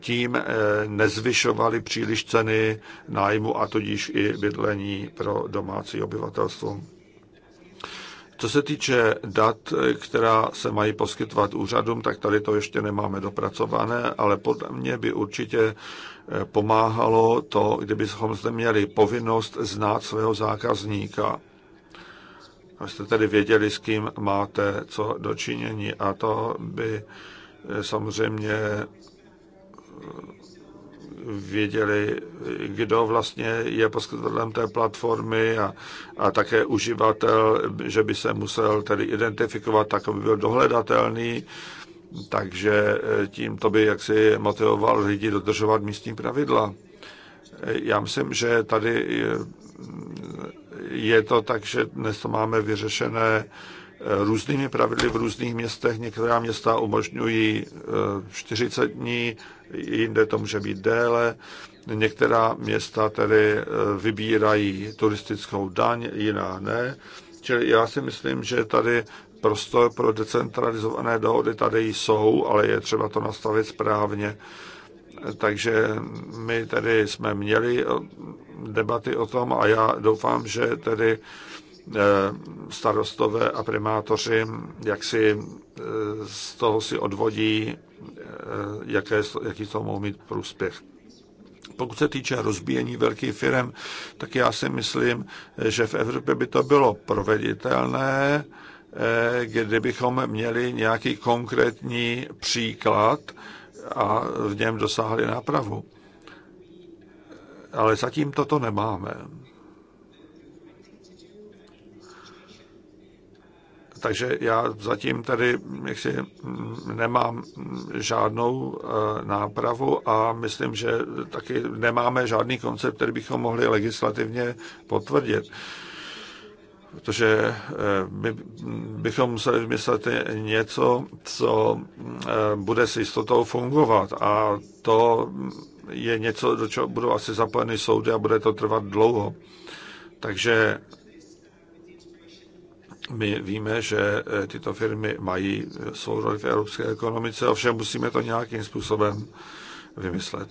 tím eh, nezvyšovaly příliš ceny nájmu a tudíž i bydlení pro domácí obyvatelstvo. Co se týče dat, která se mají poskytovat úřadům, tak tady to ještě nemáme dopracované, ale podle mě by určitě pomáhalo to, kdybychom zde měli povinnost znát svého zákazníka. Abyste tedy věděli, s kým máte co dočinění. A to by eh, samozřejmě eh, věděli, kdo vlastně je poskytovatelem té platformy a, a také uživatel, že by se musel tedy identifikovat tak, aby byl dohledatelný takže eh, tím to by jaksi motivoval lidi dodržovat místní pravidla. Eh, já myslím, že tady eh, je to tak, že dnes to máme vyřešené různými pravidly v různých městech. Některá města umožňují 40 dní, jinde to může být déle. Některá města tedy vybírají turistickou daň, jiná ne. Čili já si myslím, že tady prostor pro decentralizované dohody tady jsou, ale je třeba to nastavit správně. Takže my tedy jsme měli debaty o tom a já doufám, že tedy eh, starostové a primátoři jak si eh, z toho si odvodí, eh, jaké, jaký to mohou mít průspěch. Pokud se týče rozbíjení velkých firm, tak já si myslím, že v Evropě by to bylo proveditelné, kdybychom měli nějaký konkrétní příklad a v něm dosáhli nápravu. Ale zatím toto nemáme. Takže já zatím tady jaksi nemám žádnou eh, nápravu a myslím, že taky nemáme žádný koncept, který bychom mohli legislativně potvrdit protože eh, my bychom museli vymyslet něco, co eh, bude s jistotou fungovat a to je něco, do čeho budou asi zapojeny soudy a bude to trvat dlouho. Takže my víme, že eh, tyto firmy mají svou roli v evropské ekonomice, ovšem musíme to nějakým způsobem vymyslet.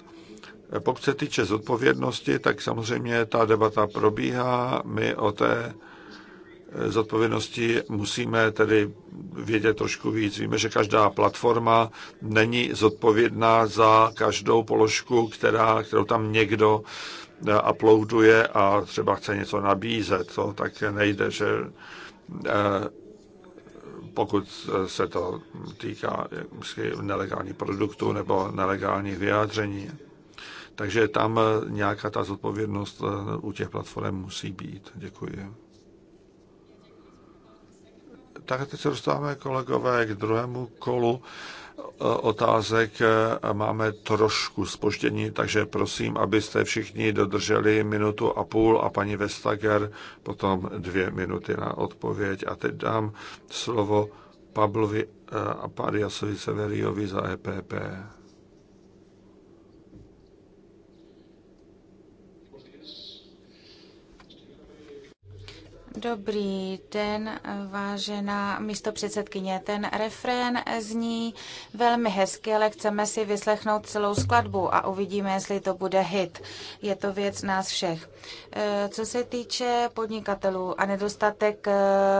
Pokud se týče zodpovědnosti, tak samozřejmě ta debata probíhá. My o té zodpovědnosti musíme tedy vědět trošku víc. Víme, že každá platforma není zodpovědná za každou položku, která, kterou tam někdo eh, uploaduje a třeba chce něco nabízet. To tak nejde, že eh, pokud se to týká nelegálních produktů nebo nelegálních vyjádření. Takže tam nějaká ta zodpovědnost eh, u těch platform musí být. Děkuji tak teď se dostáváme, kolegové, k druhému kolu e, otázek. E, máme trošku spoždění, takže prosím, abyste všichni dodrželi minutu a půl a paní Vestager potom dvě minuty na odpověď. A teď dám slovo Pablovi e, a Pariasovi Severiovi za EPP. Dobrý den, vážená místo předsedkyně. Ten refrén zní velmi hezky, ale chceme si vyslechnout celou skladbu a uvidíme, jestli to bude hit. Je to věc nás všech. Eh, co se týče podnikatelů a nedostatek eh,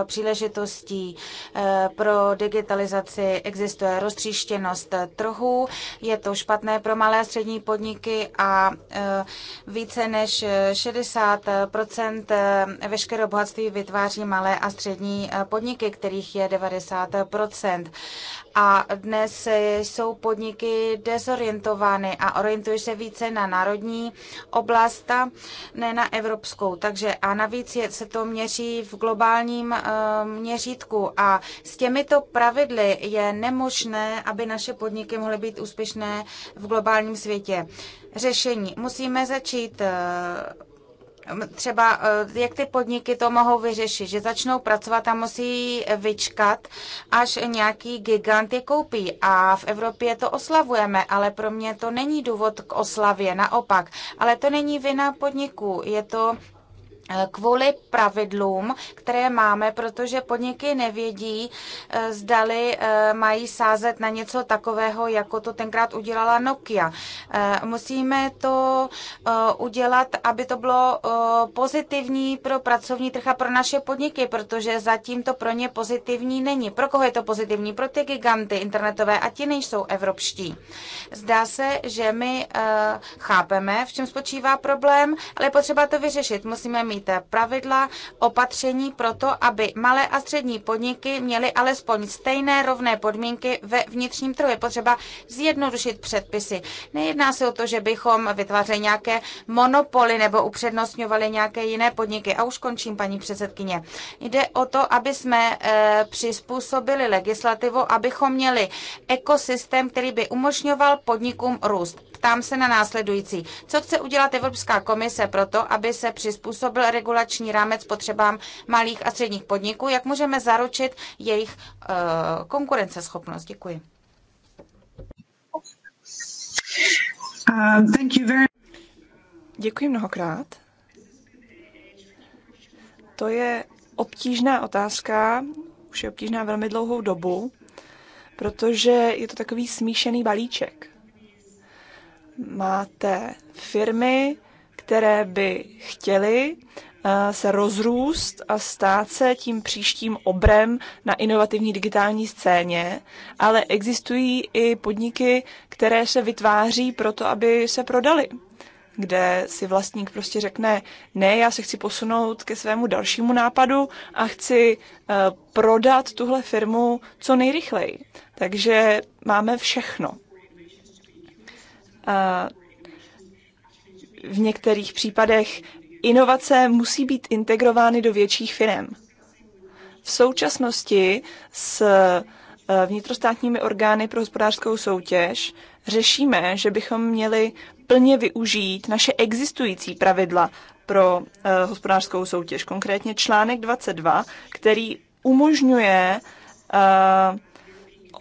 příležitostí eh, pro digitalizaci, existuje roztříštěnost trhů, je to špatné pro malé a střední podniky a více než 60 veškerého bohatství práci vytváří malé a střední eh, podniky, kterých je 90 A dnes jsou podniky dezorientovány a orientují se více na národní oblast, ne na evropskou. Takže a navíc je, se to měří v globálním eh, měřítku. A s těmito pravidly je nemožné, aby naše podniky mohly být úspěšné v globálním světě. Řešení. Musíme začít eh, třeba e, jak ty podniky to mohou vyřešit, že začnou pracovat a musí vyčkat, až nějaký gigant je koupí. A v Evropě to oslavujeme, ale pro mě to není důvod k oslavě, naopak. Ale to není vina podniků, je to Eh, kvůli pravidlům, které máme, protože podniky nevědí, eh, zdali eh, mají sázet na něco takového, jako to tenkrát udělala Nokia. Musíme to udělat, aby to bylo pozitivní pro pracovní trh a pro naše podniky, protože zatím to pro ně pozitivní není. Pro koho je to pozitivní? Pro ty giganty internetové a ti nejsou evropští. Zdá se, že my chápeme, v čem spočívá problém, ale je potřeba to vyřešit. Musíme mít mít pravidla, opatření pro to, aby malé a střední podniky měly alespoň stejné rovné podmínky ve vnitřním trhu. Je potřeba zjednodušit předpisy. Nejedná se o to, že bychom vytvářeli nějaké monopoly nebo upřednostňovali nějaké jiné podniky. A už končím, paní předsedkyně. Jde o to, aby jsme e, přizpůsobili legislativu, abychom měli ekosystém, který by umožňoval podnikům růst ptám se na následující. Co chce udělat Evropská komise pro to, aby se přizpůsobil regulační rámec potřebám malých a středních podniků? Jak můžeme zaručit jejich uh, konkurenceschopnost? Děkuji. Uh, thank you very... Děkuji mnohokrát. To je obtížná otázka, už je obtížná velmi dlouhou dobu, protože je to takový smíšený balíček máte firmy, které by chtěly eh, se rozrůst a stát se tím příštím obrem na inovativní digitální scéně, ale existují i podniky, které se vytváří proto, aby se prodali kde si vlastník prostě řekne, ne, já se chci posunout ke svému dalšímu nápadu a chci eh, prodat tuhle firmu co nejrychleji. Takže máme všechno v některých případech inovace musí být integrovány do větších firm. V současnosti s e, vnitrostátními orgány pro hospodářskou soutěž řešíme, že bychom měli plně využít naše existující pravidla pro uh, hospodářskou soutěž, konkrétně článek 22, který umožňuje uh,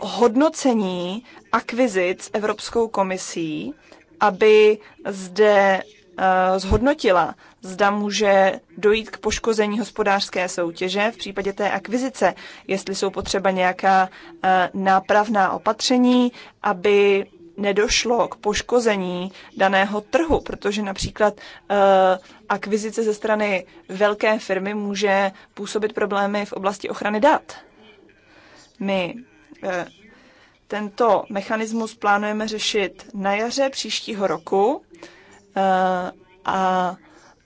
hodnocení akvizic Evropskou komisí, aby zde eh, zhodnotila, zda může dojít k poškození hospodářské soutěže v případě té akvizice, jestli jsou potřeba nějaká eh, nápravná opatření, aby nedošlo k poškození daného trhu, protože například eh, akvizice ze strany velké firmy může působit problémy v oblasti ochrany dat. My tento mechanismus plánujeme řešit na jaře příštího roku eh, a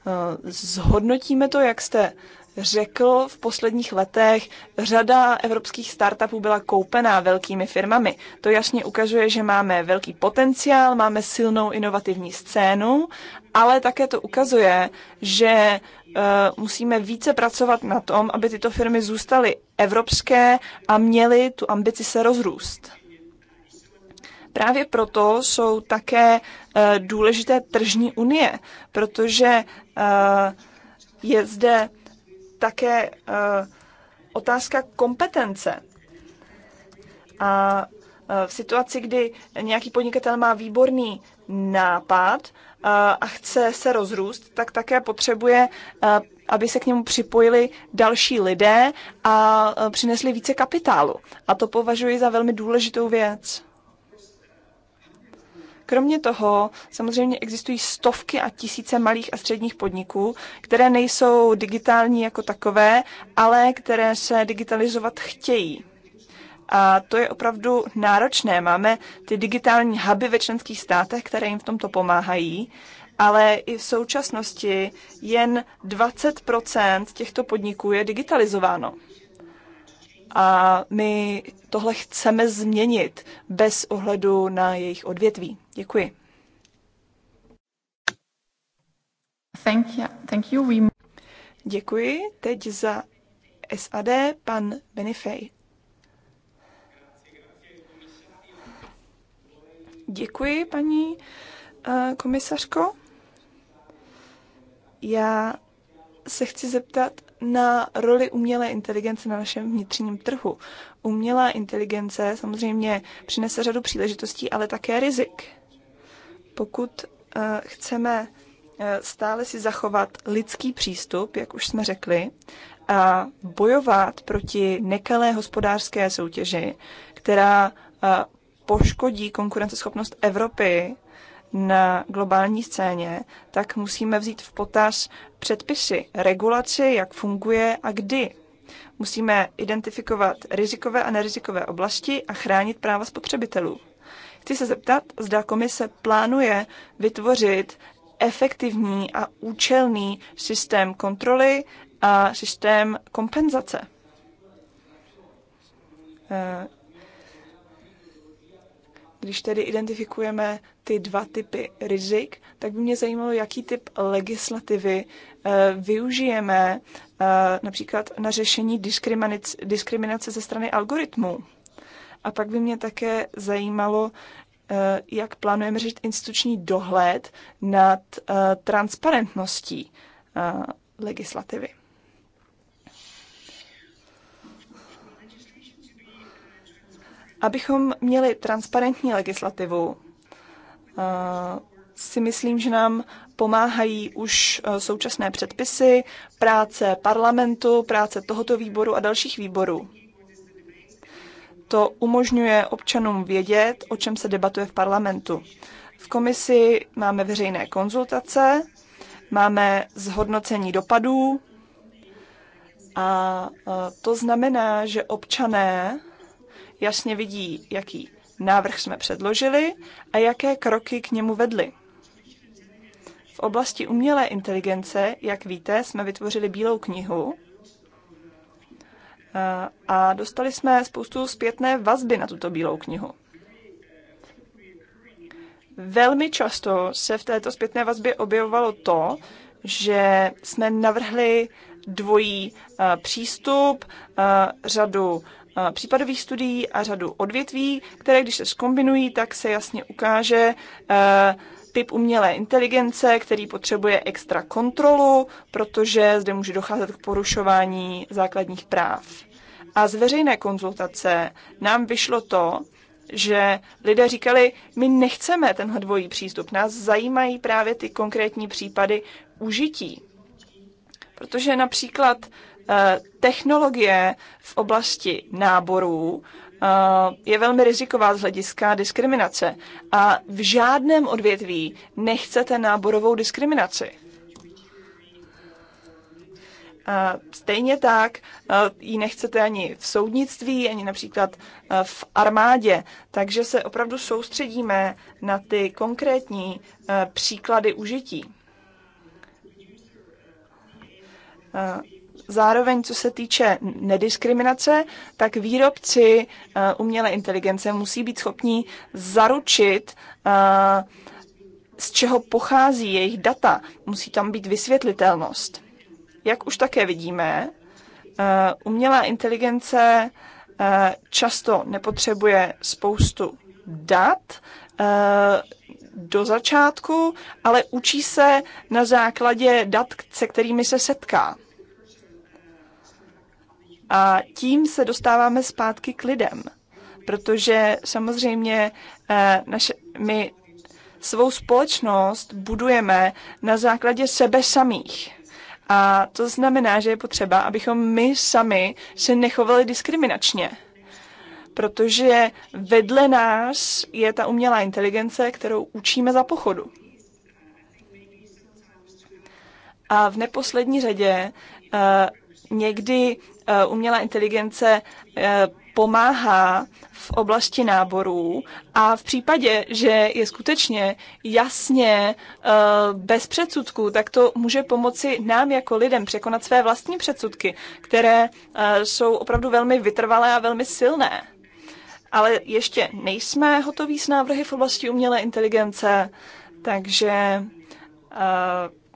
eh, zhodnotíme to, jak jste řekl, v posledních letech řada evropských startupů byla koupená velkými firmami. To jasně ukazuje, že máme velký potenciál, máme silnou inovativní scénu, ale také to ukazuje, že eh, musíme více pracovat na tom, aby tyto firmy zůstaly evropské a měly tu ambici se rozrůst. Právě proto jsou také eh, důležité tržní unie, protože eh, je zde také eh, otázka kompetence. A v situaci, kdy nějaký podnikatel má výborný nápad a chce se rozrůst, tak také potřebuje, aby se k němu připojili další lidé a přinesli více kapitálu. A to považuji za velmi důležitou věc. Kromě toho samozřejmě existují stovky a tisíce malých a středních podniků, které nejsou digitální jako takové, ale které se digitalizovat chtějí. A to je opravdu náročné. Máme ty digitální huby ve členských státech, které jim v tomto pomáhají, ale i v současnosti jen 20 těchto podniků je digitalizováno. A my tohle chceme změnit bez ohledu na jejich odvětví. Děkuji. Thank you. Thank you. We... Děkuji. Teď za SAD pan Benifej. Děkuji, paní eh, komisařko. Já se chci zeptat, na roli umělé inteligence na našem vnitřním trhu. Umělá inteligence samozřejmě přinese řadu příležitostí, ale také rizik. Pokud eh, chceme eh, stále si zachovat lidský přístup, jak už jsme řekli, a bojovat proti nekalé hospodářské soutěži, která eh, poškodí konkurenceschopnost Evropy na globální scéně, tak musíme vzít v potaz předpisy, regulaci, jak funguje a kdy. Musíme identifikovat rizikové a nerizikové oblasti a chránit práva spotřebitelů. Chci se zeptat, zda komise plánuje vytvořit efektivní a účelný systém kontroly a systém kompenzace. Eh, když tedy identifikujeme ty dva typy rizik, tak by mě zajímalo, jaký typ legislativy eh, využijeme eh, například na řešení diskriminace ze strany algoritmů. A pak by mě také zajímalo, eh, jak plánujeme řešit instituční dohled nad transparentností legislativy. Abychom měli transparentní legislativu, eh, si myslím, že nám pomáhají už eh, současné předpisy, práce parlamentu, práce tohoto výboru a dalších výborů. To umožňuje občanům vědět, o čem se debatuje v parlamentu. V komisi máme veřejné konzultace, máme zhodnocení dopadů a eh, to znamená, že občané jasně vidí, jaký návrh jsme předložili a jaké kroky k němu vedly. V oblasti umělé inteligence, jak víte, jsme vytvořili bílou knihu eh, a dostali jsme spoustu zpětné vazby na tuto bílou knihu. Velmi často se v této zpětné vazbě objevovalo to, že jsme navrhli dvojí eh, přístup, eh, řadu případových studií a řadu odvětví, které když se zkombinují, tak se jasně ukáže e, typ umělé inteligence, který potřebuje extra kontrolu, protože zde může docházet k porušování základních práv. A z veřejné konzultace nám vyšlo to, že lidé říkali, my nechceme tenhle dvojí přístup, nás zajímají právě ty konkrétní případy užití. Protože například Eh, technologie v oblasti náborů eh, je velmi riziková z hlediska diskriminace a v žádném odvětví nechcete náborovou diskriminaci. Eh, stejně tak ji nechcete ani v soudnictví, ani například v armádě. Takže se opravdu soustředíme na ty konkrétní příklady užití. Zároveň, co se týče nediskriminace, tak výrobci eh, umělé inteligence musí být schopni zaručit, eh, z čeho pochází jejich data. Musí tam být vysvětlitelnost. Jak už také vidíme, eh, umělá inteligence často nepotřebuje spoustu dat, do začátku, ale učí se na základě dat, se kterými se setká. A tím se dostáváme zpátky k lidem, protože samozřejmě eh, naše, my svou společnost budujeme na základě sebe samých. A to znamená, že je potřeba, abychom my sami se nechovali diskriminačně. Protože vedle nás je ta umělá inteligence, kterou učíme za pochodu. A v neposlední řadě eh, někdy Eh, umělá inteligence eh, pomáhá v oblasti náborů a v případě, že je skutečně jasně eh, bez předsudků, tak to může pomoci nám jako lidem překonat své vlastní předsudky, které jsou opravdu velmi vytrvalé a velmi silné. Ale ještě nejsme hotoví s návrhy v oblasti umělé inteligence, takže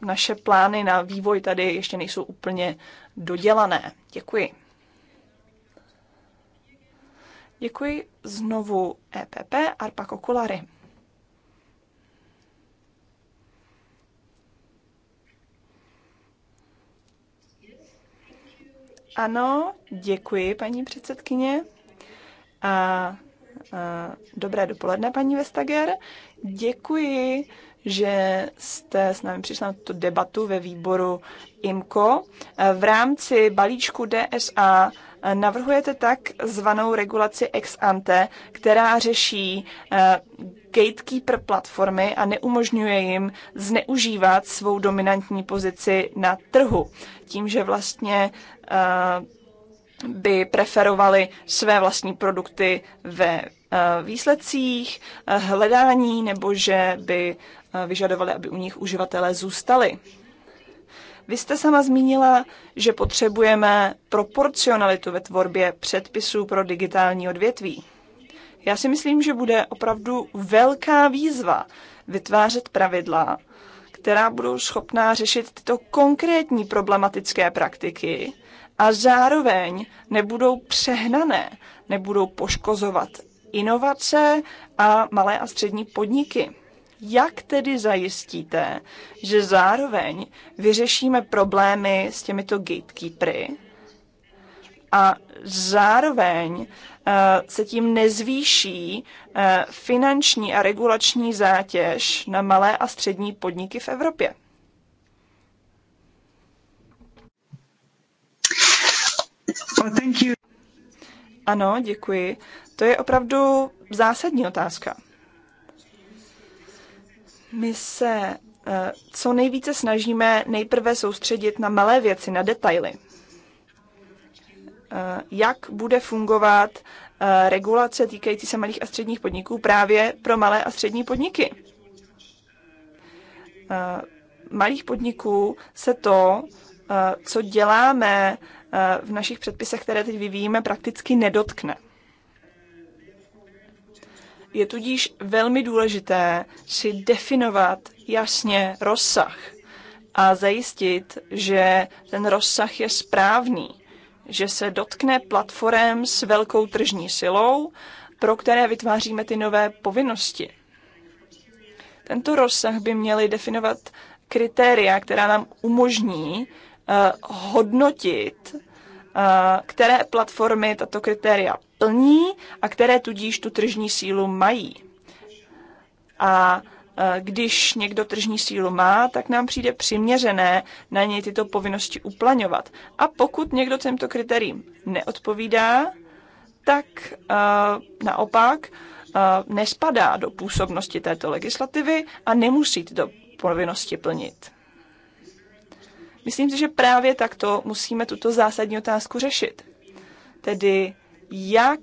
naše plány na vývoj tady ještě nejsou úplně dodělané. Děkuji. Děkuji znovu EPP Arpa Kokulary. Ano, děkuji, paní předsedkyně. A, a dobré dopoledne, paní Vestager. Děkuji že jste s námi přišla na tuto debatu ve výboru IMCO. V rámci balíčku DSA navrhujete tak zvanou regulaci ex ante, která řeší eh, gatekeeper platformy a neumožňuje jim zneužívat svou dominantní pozici na trhu. Tím, že vlastně eh, by preferovali své vlastní produkty ve eh, výsledcích hledání nebo že by vyžadovali, aby u nich uživatelé zůstali. Vy jste sama zmínila, že potřebujeme proporcionalitu ve tvorbě předpisů pro digitální odvětví. Já si myslím, že bude opravdu velká výzva vytvářet pravidla, která budou schopná řešit tyto konkrétní problematické praktiky a zároveň nebudou přehnané, nebudou poškozovat inovace a malé a střední podniky. Jak tedy zajistíte, že zároveň vyřešíme problémy s těmito gatekeepery a zároveň uh, se tím nezvýší uh, finanční a regulační zátěž na malé a střední podniky v Evropě? Well, thank you. Ano, děkuji. To je opravdu zásadní otázka. My se eh, co nejvíce snažíme nejprve soustředit na malé věci, na detaily. Eh, jak bude fungovat eh, regulace týkající se malých a středních podniků právě pro malé a střední podniky? Malých podniků se to, co děláme v našich předpisech, které teď vyvíjíme, prakticky nedotkne. Je tudíž velmi důležité si definovat jasně rozsah a zajistit, že ten rozsah je správný, že se dotkne platform s velkou tržní silou, pro které vytváříme ty nové povinnosti. Tento rozsah by měly definovat kritéria, která nám umožní uh, hodnotit, uh, které platformy tato kritéria plní a které tudíž tu tržní sílu mají. A e, když někdo tržní sílu má, tak nám přijde přiměřené na něj tyto povinnosti uplaňovat. A pokud někdo těmto kritériím neodpovídá, tak e, naopak e, nespadá do působnosti této legislativy a nemusí tyto povinnosti plnit. Myslím si, že právě takto musíme tuto zásadní otázku řešit. Tedy jak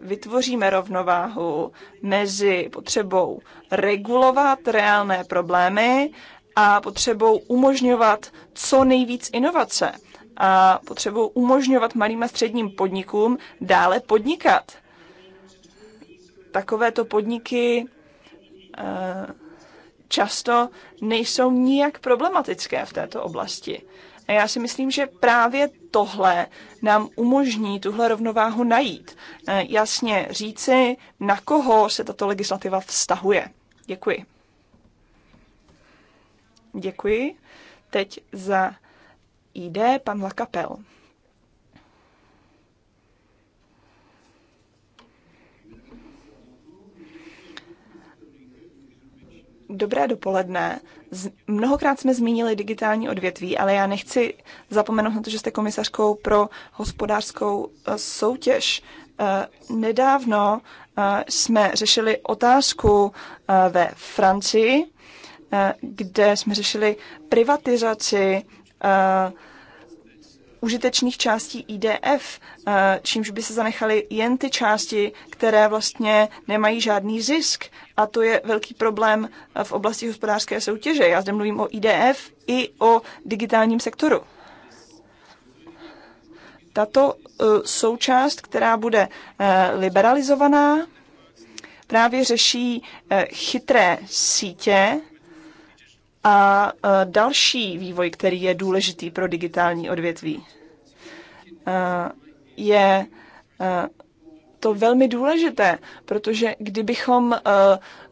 vytvoříme rovnováhu mezi potřebou regulovat reálné problémy a potřebou umožňovat co nejvíc inovace a potřebou umožňovat malým a středním podnikům dále podnikat. Takovéto podniky eh, často nejsou nijak problematické v této oblasti. A já si myslím, že právě tohle nám umožní tuhle rovnováhu najít. Eh, jasně říci, na koho se tato legislativa vztahuje. Děkuji. Děkuji. Teď za ID pan Lakapel. Dobré dopoledne. Mnohokrát jsme zmínili digitální odvětví, ale já nechci zapomenout na to, že jste komisařkou pro hospodářskou eh, soutěž. Eh, nedávno eh, jsme řešili otázku ve Francii, kde jsme řešili privatizaci užitečných částí IDF, eh, čímž by se zanechaly jen ty části, které vlastně nemají žádný zisk. A to je velký problém eh, v oblasti hospodářské soutěže. Já zde mluvím o IDF i o digitálním sektoru. Tato eh, součást, která bude liberalizovaná, právě řeší chytré sítě, a další vývoj, který je důležitý pro digitální odvětví. Eh, je eh, to velmi důležité, protože kdybychom eh,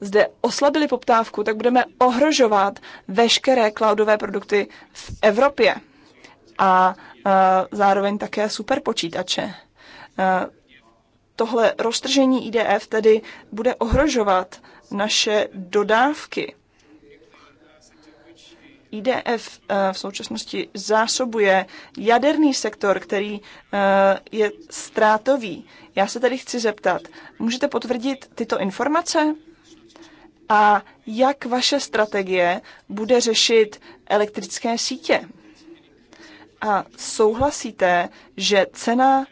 zde oslabili poptávku, tak budeme ohrožovat veškeré cloudové produkty v Evropě a zároveň také superpočítače. Tohle roztržení IDF tedy bude ohrožovat naše dodávky IDF eh, v současnosti zásobuje jaderný sektor, který eh, je ztrátový. Já se tady chci zeptat, můžete potvrdit tyto informace? A jak vaše strategie bude řešit elektrické sítě? A souhlasíte, že cena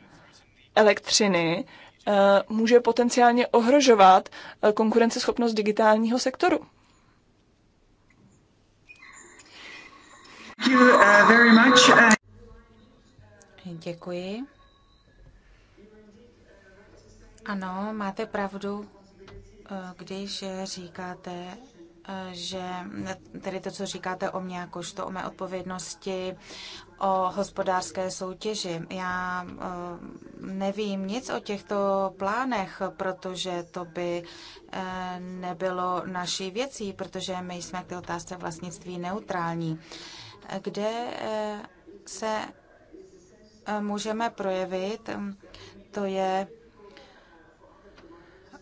elektřiny eh, může potenciálně ohrožovat konkurenceschopnost digitálního sektoru? Uh, Děkuji. Ano, máte pravdu, uh, když říkáte, uh, že tedy to, co říkáte o mě, jakožto o mé odpovědnosti, o hospodářské soutěži. Já nevím nic o těchto plánech, protože to by nebylo naší věcí, protože my jsme k té otázce vlastnictví neutrální kde eh, se eh, můžeme projevit, to je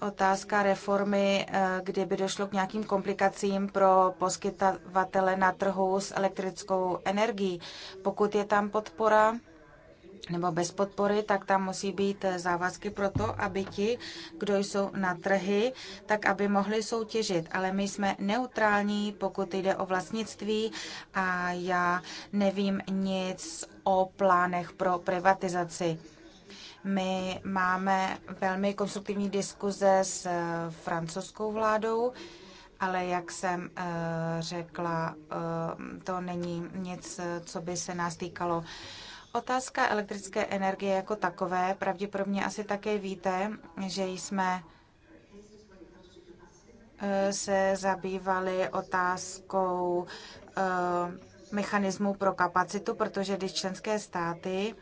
otázka reformy, eh, kdyby došlo k nějakým komplikacím pro poskytovatele na trhu s elektrickou energií. Pokud je tam podpora, nebo bez podpory, tak tam musí být eh, závazky pro to, aby ti, kdo jsou na trhy, tak aby mohli soutěžit. Ale my jsme neutrální, pokud jde o vlastnictví a já nevím nic o plánech pro privatizaci. My máme velmi konstruktivní diskuze s eh, francouzskou vládou, ale jak jsem eh, řekla, to není nic, co by se nás týkalo. Otázka elektrické energie jako takové, pravděpodobně asi také víte, že jsme e, se zabývali otázkou e, mechanismu pro kapacitu, protože když členské státy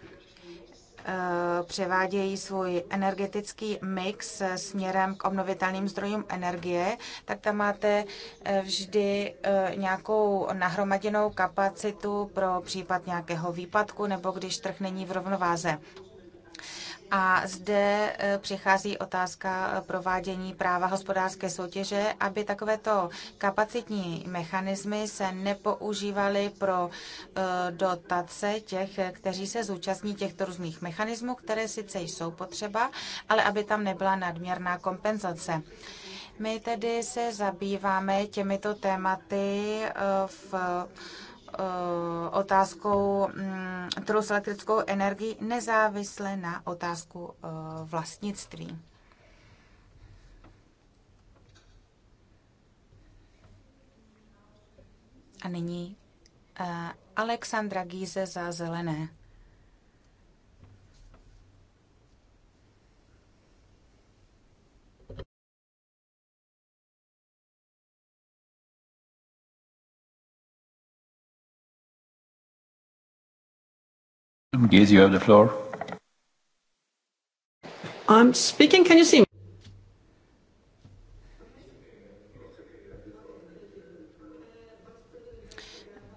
Eh, převádějí svůj energetický mix směrem k obnovitelným zdrojům energie, tak tam máte eh, vždy eh, nějakou nahromaděnou kapacitu pro případ nějakého výpadku nebo když trh není v rovnováze. A zde e, přichází otázka e, provádění práva hospodářské soutěže, aby takovéto kapacitní mechanismy se nepoužívaly pro e, dotace těch, kteří se zúčastní těchto různých mechanismů, které sice jsou potřeba, ale aby tam nebyla nadměrná kompenzace. My tedy se zabýváme těmito tématy v Eh, otázkou mm, trhu s elektrickou energií nezávisle na otázku eh, vlastnictví. A nyní eh, Alexandra Gíze za zelené. Gaze, you have the floor. I'm speaking. Can you see me?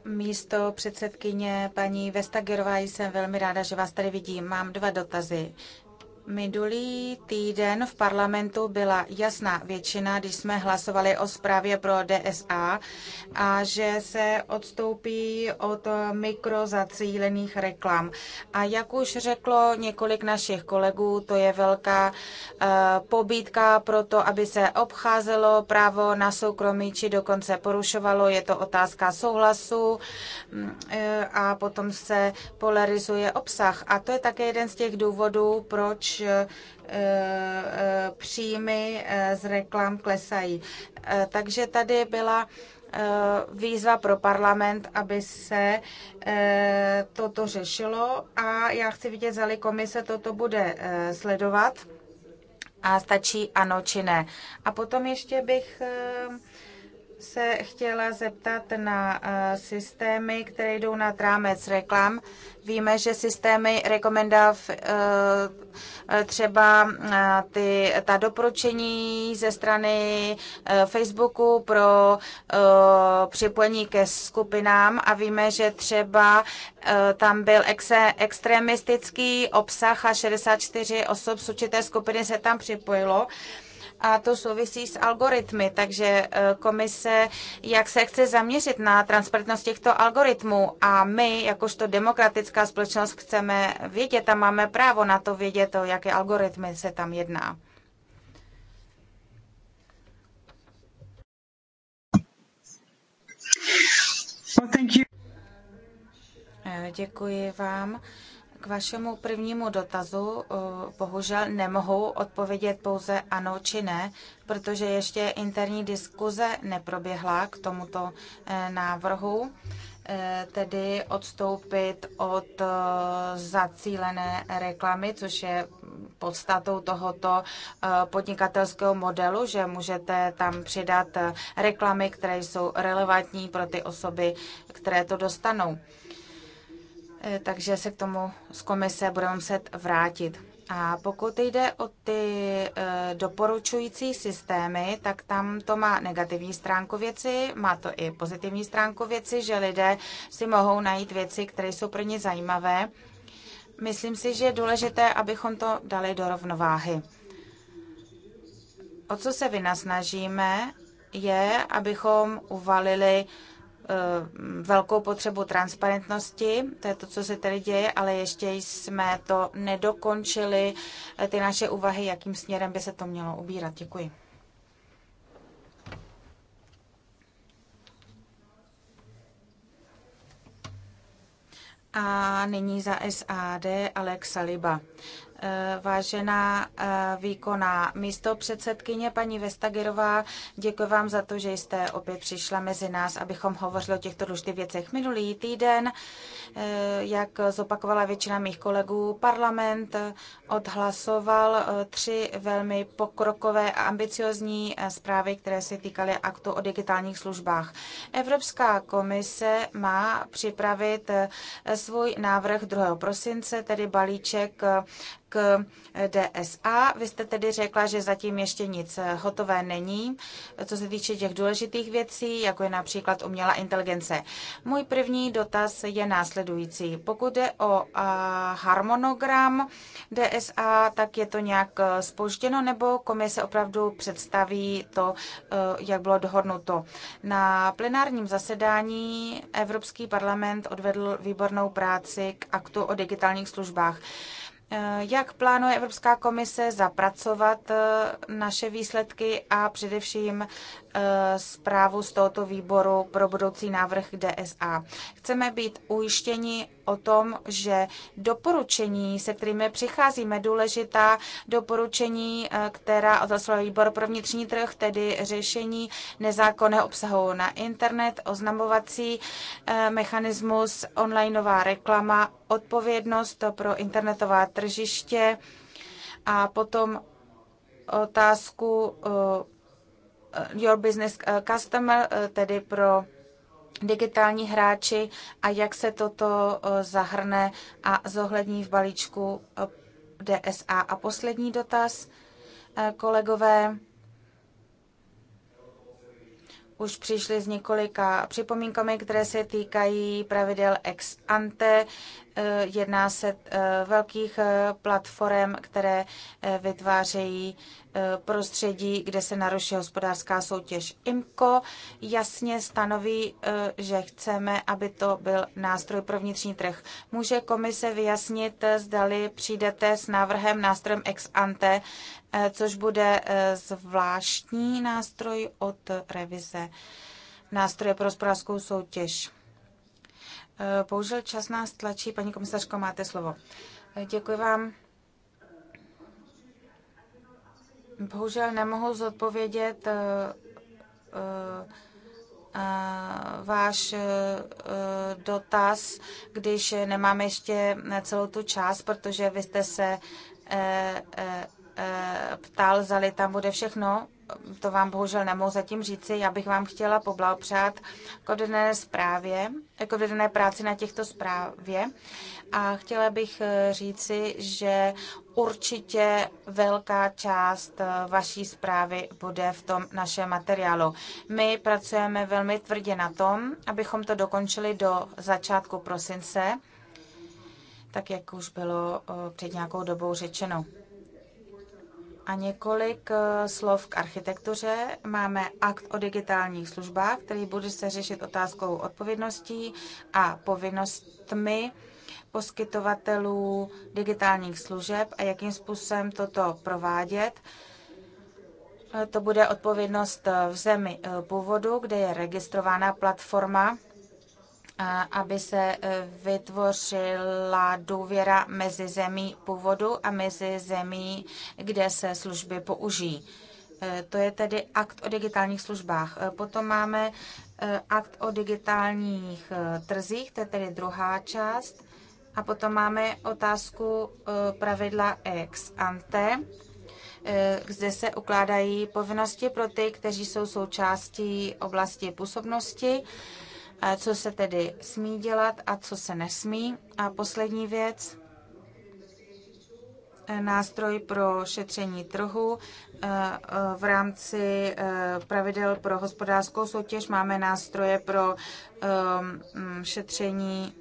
Místo předsedkyně paní Vestagerová jsem velmi ráda, že vás tady vidím. Mám dva dotazy. Minulý týden v parlamentu byla jasná většina, když jsme hlasovali o zprávě pro DSA a že se odstoupí od mikrozacílených reklam. A jak už řeklo několik našich kolegů, to je velká uh, pobídka pro to, aby se obcházelo právo na soukromí, či dokonce porušovalo. Je to otázka souhlasu mm, eh, a potom se polarizuje obsah. A to je také jeden z těch důvodů, proč Eh, eh, příjmy eh, z reklam klesají. Takže tady byla výzva pro parlament, aby se toto řešilo a já chci vidět, zali komise toto bude sledovat a stačí ano či ne. A potom ještě bych se chtěla zeptat na eh, systémy, které jdou na trámec reklam. Víme, že systémy rekomendav eh, třeba eh, ty, ta doporučení ze strany Facebooku pro připojení ke skupinám a víme, že třeba tam byl exe, extremistický obsah a 64 osob z určité skupiny se tam připojilo a to souvisí s algoritmy. Takže eh, komise, jak se chce zaměřit na transparentnost těchto algoritmů a my, jakožto demokratická společnost, chceme vědět a máme právo na to vědět, o jaké algoritmy se tam jedná. Well, thank you. Eh, děkuji vám. K vašemu prvnímu dotazu eh, bohužel nemohu odpovědět pouze ano či ne, protože ještě interní diskuze neproběhla k tomuto eh, návrhu, eh, tedy odstoupit od zacílené reklamy, což je podstatou tohoto podnikatelského modelu, že můžete tam přidat reklamy, které jsou relevantní pro ty osoby, které to dostanou. Eh, takže se k tomu z komise budeme muset vrátit. A pokud jde o ty eh, doporučující systémy, tak tam to má negativní stránku věci, má to i pozitivní stránku věci, že lidé si mohou najít věci, které jsou pro ně zajímavé. Myslím si, že je důležité, abychom to dali do rovnováhy. O co se vynasnažíme, je, abychom uvalili Eh, velkou potřebu transparentnosti, to je to, co se tady děje, ale ještě jsme to nedokončili, eh, ty naše úvahy, jakým směrem by se to mělo ubírat. Děkuji. A nyní za SAD Alex Saliba. Eh, vážená eh, výkonná místo předsedkyně paní Vestagerová, děkuji vám za to, že jste opět přišla mezi nás, abychom hovořili o těchto důležitých věcech. Minulý týden, eh, jak zopakovala většina mých kolegů, parlament odhlasoval tři velmi pokrokové a ambiciozní zprávy, které se týkaly aktu o digitálních službách. Evropská komise má připravit svůj návrh 2. prosince, tedy balíček Eh, DSA. Vy jste tedy řekla, že zatím ještě nic eh, hotové není, co se týče těch důležitých věcí, jako je například umělá inteligence. Můj první dotaz je následující. Pokud jde o eh, harmonogram DSA, tak je to nějak spožděno, nebo komise opravdu představí to, jak bylo dohodnuto. Na plenárním zasedání Evropský parlament odvedl výbornou práci k aktu o digitálních službách. Eh, jak plánuje Evropská komise zapracovat eh, naše výsledky a především zprávu z tohoto výboru pro budoucí návrh DSA. Chceme být ujištěni o tom, že doporučení, se kterými přicházíme, důležitá doporučení, eh, která odhlasoval výbor pro vnitřní trh, tedy řešení nezákonného obsahu na internet, oznamovací eh, mechanismus, onlineová reklama, odpovědnost pro internetová tržiště a potom otázku eh, Eh, your Business eh, Customer, eh, tedy pro digitální hráči a jak se toto zahrne a zohlední v balíčku DSA. A poslední dotaz, kolegové, už přišli s několika připomínkami, které se týkají pravidel ex ante, Eh, jedná se eh, velkých eh, platform, které vytvářejí prostředí, kde se naruší hospodářská soutěž. IMCO jasně stanoví, že chceme, aby to byl nástroj pro vnitřní trh. Může komise vyjasnit, zdali přijdete s návrhem nástrojem ex ante, což bude zvláštní nástroj od revize nástroje pro hospodářskou soutěž. Bohužel eh, čas nás tlačí. Paní komisařko, máte slovo. Eh, děkuji vám. Bohužel nemohu zodpovědět eh, váš dotaz, když nemám ještě celou tu část, protože vy jste se ptal, zali tam bude všechno to vám bohužel nemohu zatím říci, já bych vám chtěla poblahopřát k odvedené zprávě, k odvedené práci na těchto zprávě a chtěla bych eh, říci, že určitě velká část eh, vaší zprávy bude v tom našem materiálu. My pracujeme velmi tvrdě na tom, abychom to dokončili do začátku prosince, tak jak už bylo eh, před nějakou dobou řečeno. A několik eh, slov k architektuře. Máme akt o digitálních službách, který bude se řešit otázkou odpovědností a povinnostmi poskytovatelů digitálních služeb a jakým způsobem toto provádět. Eh, to bude odpovědnost eh, v zemi původu, kde je registrována platforma aby se e, vytvořila důvěra mezi zemí původu a mezi zemí, kde se služby použijí. E, to je tedy akt o digitálních službách. E, potom máme akt o digitálních trzích, to je tedy druhá část. A potom máme otázku pravidla ex ante, kde se ukládají povinnosti pro ty, kteří jsou součástí oblasti působnosti co se tedy smí dělat a co se nesmí. A poslední věc, eh, nástroj pro šetření trhu. Eh, eh, v rámci pravidel pro hospodářskou soutěž máme nástroje pro ehm, mm, šetření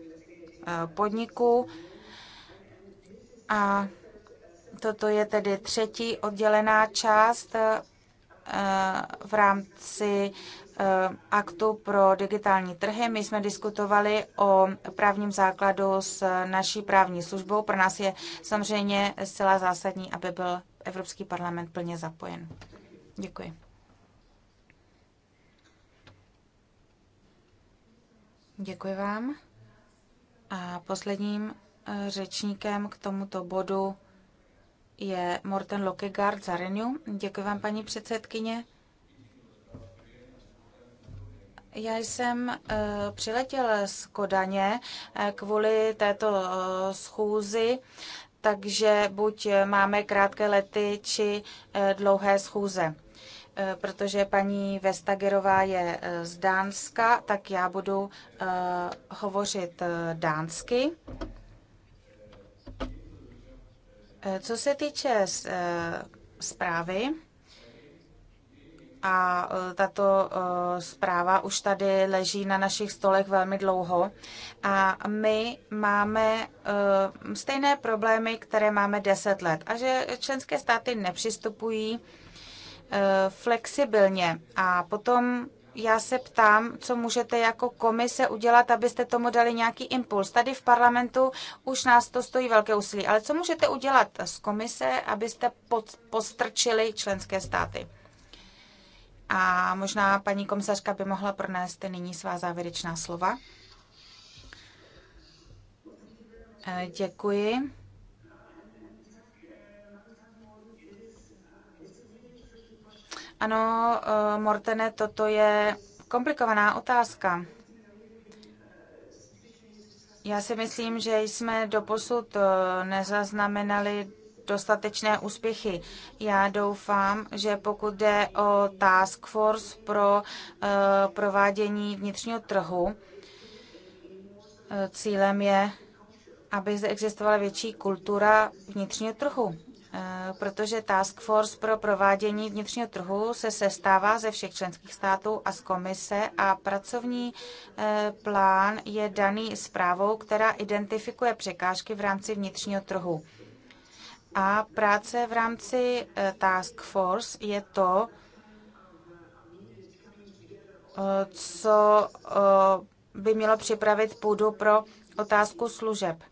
podniků. A toto je tedy třetí oddělená část v rámci Eh, aktu pro digitální trhy. My jsme diskutovali o právním základu s naší právní službou. Pro nás je samozřejmě zcela zásadní, aby byl Evropský parlament plně zapojen. Děkuji. Děkuji vám. A posledním eh, řečníkem k tomuto bodu je Morten Lokegaard za Renew. Děkuji vám, paní předsedkyně. Já jsem eh, přiletěl z Kodaně eh, kvůli této eh, schůzi, takže buď máme krátké lety či dlouhé schůze. Protože paní Vestagerová je z Dánska, tak já budu hovořit dánsky. Co se týče zprávy, a e, tato e, zpráva už tady leží na našich stolech velmi dlouho. A my máme e, stejné problémy, které máme 10 let. A že členské státy nepřistupují flexibilně. A potom já se ptám, co můžete jako komise udělat, abyste tomu dali nějaký impuls. Tady v parlamentu už nás to stojí velké úsilí, ale co můžete udělat z komise, abyste postrčili členské státy? A možná paní komisařka by mohla pronést nyní svá závěrečná slova. E, děkuji. Ano, e, Mortene, toto je komplikovaná otázka. Já si myslím, že jsme doposud e, nezaznamenali dostatečné úspěchy. Já doufám, že pokud jde o task force pro eh, provádění vnitřního trhu, eh, cílem je, aby zde existovala větší kultura vnitřního trhu eh, protože Task Force pro provádění vnitřního trhu se sestává ze všech členských států a z komise a pracovní plán je daný zprávou, která identifikuje překážky v rámci vnitřního trhu. A práce v rámci eh, Task Force je to, eh, co eh, by mělo připravit půdu pro otázku služeb.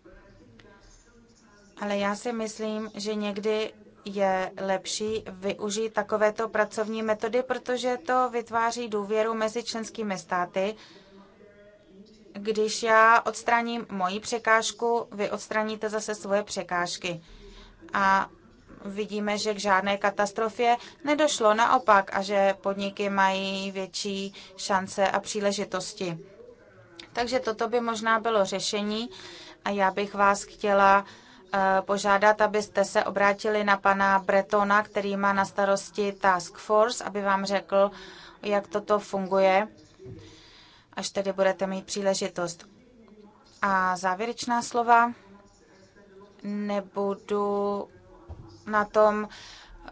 Ale já si myslím, že někdy je lepší využít takovéto pracovní metody, protože to vytváří důvěru mezi členskými státy. Když já odstraním moji překážku, vy odstraníte zase svoje překážky a vidíme, že k žádné katastrofě nedošlo, naopak, a že podniky mají větší šance a příležitosti. Takže toto by možná bylo řešení a já bych vás chtěla eh, požádat, abyste se obrátili na pana Bretona, který má na starosti Task Force, aby vám řekl, jak toto funguje, až tedy budete mít příležitost. A závěrečná slova nebudu na tom eh,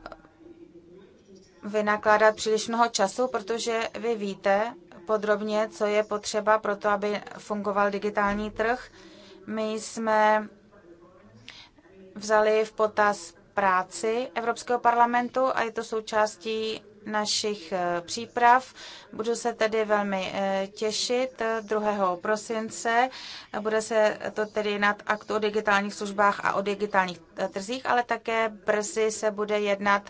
vynakládat příliš mnoho času, protože vy víte podrobně, co je potřeba pro to, aby fungoval digitální trh. My jsme vzali v potaz práci Evropského parlamentu a je to součástí našich eh, příprav. Budu se tedy velmi eh, těšit 2. Eh, prosince. Bude se to tedy nad akt o digitálních službách a o digitálních trzích, ale také brzy se bude jednat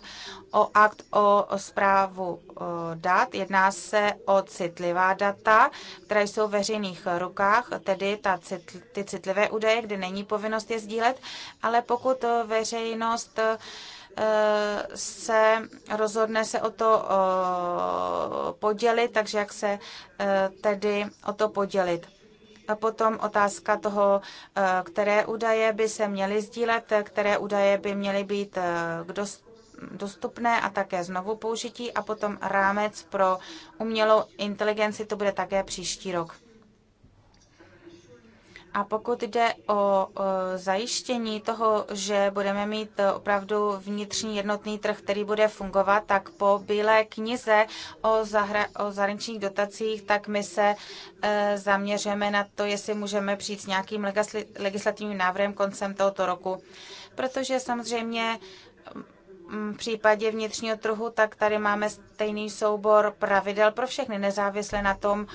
o akt o zprávu dat. Jedná se o citlivá data, která jsou v veřejných rukách, tedy ta, ty citlivé údaje, kde není povinnost je sdílet, ale pokud veřejnost se rozhodne se o to podělit, takže jak se e, tedy o to podělit. A potom otázka toho, e, které údaje by se měly sdílet, které údaje by měly být e, k dost dostupné a také znovu použití a potom rámec pro umělou inteligenci, to bude také příští rok. A pokud jde o zajištění toho, že budeme mít opravdu vnitřní jednotný trh, který bude fungovat, tak po Bílé knize o, zahra- o zahraničních dotacích, tak my se e, zaměřeme na to, jestli můžeme přijít s nějakým legislativním návrhem koncem tohoto roku. Protože samozřejmě v případě vnitřního trhu, tak tady máme stejný soubor pravidel pro všechny, nezávisle na tom,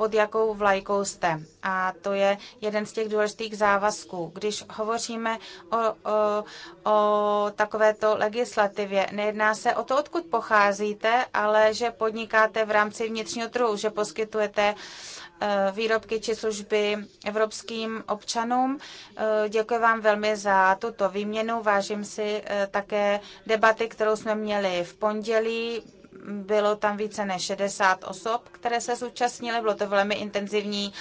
pod jakou vlajkou jste. A to je jeden z těch důležitých závazků. Když hovoříme o, o, o takovéto legislativě, nejedná se o to, odkud pocházíte, ale že podnikáte v rámci vnitřního trhu, že poskytujete eh, výrobky či služby evropským občanům. Eh, děkuji vám velmi za tuto výměnu. Vážím si eh, také debaty, kterou jsme měli v pondělí bylo tam více než 60 osob, které se zúčastnily, bylo to velmi intenzivní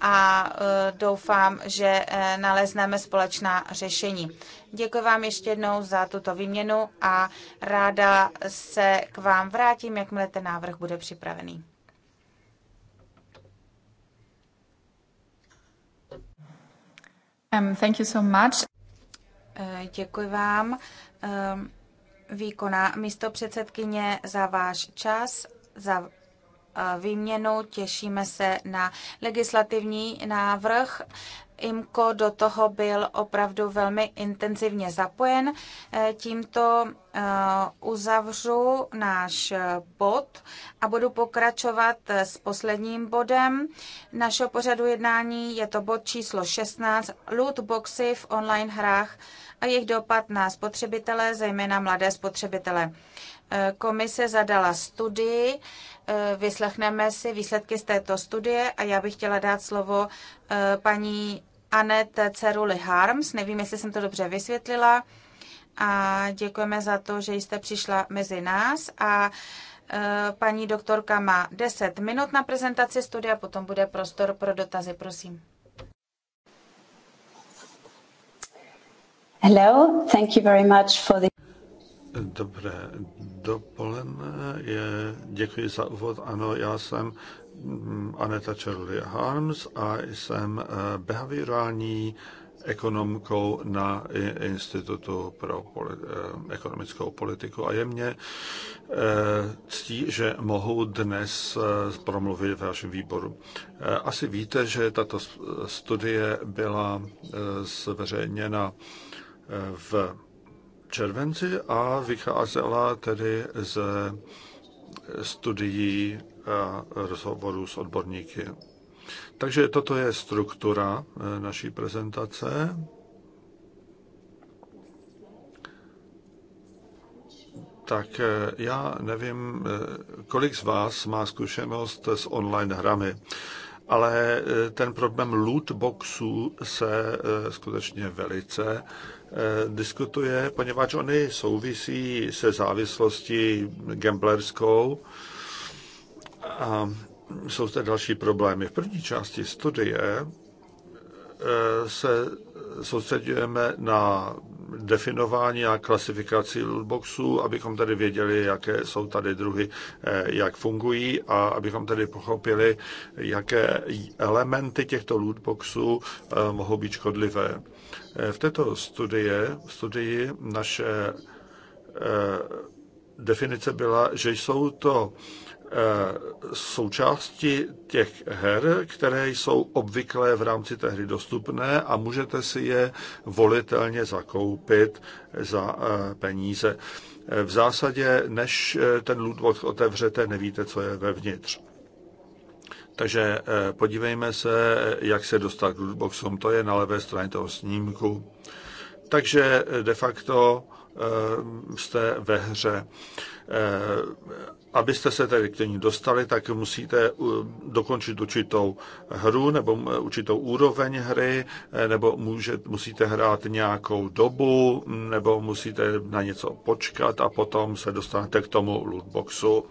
a e, doufám, že e, nalezneme společná řešení. Děkuji vám ještě jednou za tuto výměnu a ráda se k vám vrátím, jakmile ten návrh bude připravený. Um, thank you so much. E, děkuji vám. Um, výkonná místo předsedkyně za váš čas, za eh, výměnu. Těšíme se na legislativní návrh IMCO do toho byl opravdu velmi intenzivně zapojen. Eh, tímto eh, uzavřu náš eh, bod a budu pokračovat s posledním bodem našeho pořadu jednání. Je to bod číslo 16, lootboxy v online hrách a jejich dopad na spotřebitele, zejména mladé spotřebitele. Komise zadala studii, vyslechneme si výsledky z této studie a já bych chtěla dát slovo paní Anet Ceruli Harms. Nevím, jestli jsem to dobře vysvětlila. A děkujeme za to, že jste přišla mezi nás. A e, paní doktorka má 10 minut na prezentaci studia, potom bude prostor pro dotazy. Prosím. Hello, thank you very much for the... Dobré dopoledne, děkuji za úvod. Ano, já jsem Aneta Čerly Harms a jsem eh, behaviorální ekonomkou na Institutu pro eh, ekonomickou politiku a je mě eh, ctí, že mohu dnes promluvit v vašem výboru. Asi víte, že tato studie byla zveřejněna v červenci a vycházela tedy ze studií rozhovorů s odborníky. Takže toto je struktura e, naší prezentace. Tak e, já nevím, e, kolik z vás má zkušenost s online hrami, ale ten problém lootboxů se skutečně velice diskutuje, poněvadž oni souvisí se závislostí gamblerskou a jsou zde další problémy. V první části studie eh, se soustředujeme na definování a klasifikaci lootboxů, abychom tady věděli, jaké jsou tady druhy, eh, jak fungují a abychom tady pochopili, jaké elementy těchto lootboxů eh, mohou být škodlivé. V této studie, studii naše definice byla, že jsou to Eh, součásti těch her, které jsou obvyklé v rámci té hry dostupné a můžete si je volitelně zakoupit za eh, peníze. Eh, v zásadě, než ten lootbox otevřete, nevíte, co je vevnitř. Takže podívejme se, jak se dostat k lootboxům. To je na levé straně toho snímku. Takže de facto jste ve hře abyste se tedy k ní dostali, tak musíte dokončit určitou hru nebo eh, určitou úroveň hry, eh, nebo může, musíte hrát nějakou dobu, nebo musíte na něco počkat a potom se dostanete k tomu lootboxu.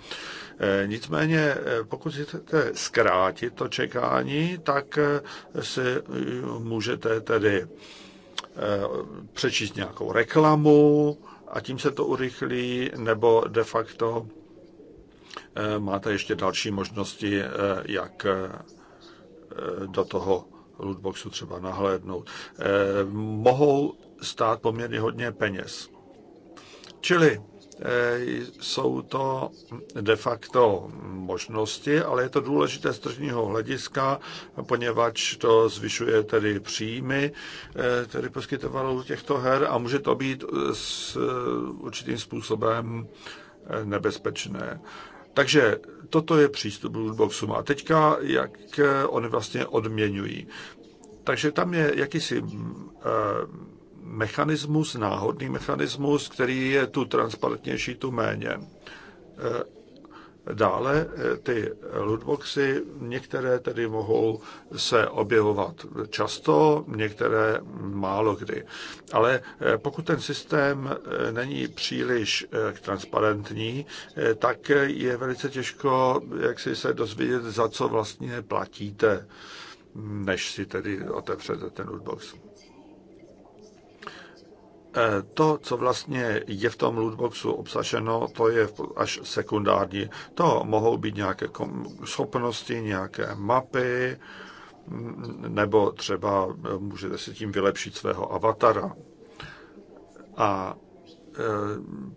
Eh, nicméně, pokud chcete zkrátit to čekání, tak si můžete tedy přečíst nějakou reklamu a tím se to urychlí, nebo de facto Eh, máte ještě další možnosti, eh, jak eh, do toho lootboxu třeba nahlédnout. Mohou stát poměrně hodně peněz. Čili jsou to de facto možnosti, ale je to důležité z tržního hlediska, poněvadž to zvyšuje tedy příjmy tedy poskytovatelů těchto her a může to být s určitým způsobem nebezpečné. Takže toto je přístup lootboxu. A teďka, jak eh, oni vlastně odměňují. Takže tam je jakýsi eh, mechanismus, náhodný mechanismus, který je tu transparentnější, tu méně eh, Dále eh, ty lootboxy, některé tedy mohou se objevovat často, některé málo kdy. Ale eh, pokud ten systém eh, není příliš transparentní, tak je velice těžko jak si se dozvědět, za co vlastně platíte, než si tedy otevřete ten lootbox. Eh, to, co vlastně je v tom lootboxu obsaženo, to je až sekundární. To mohou být nějaké schopnosti, nějaké mapy, mm, nebo třeba eh, můžete si tím vylepšit svého avatara. A eh,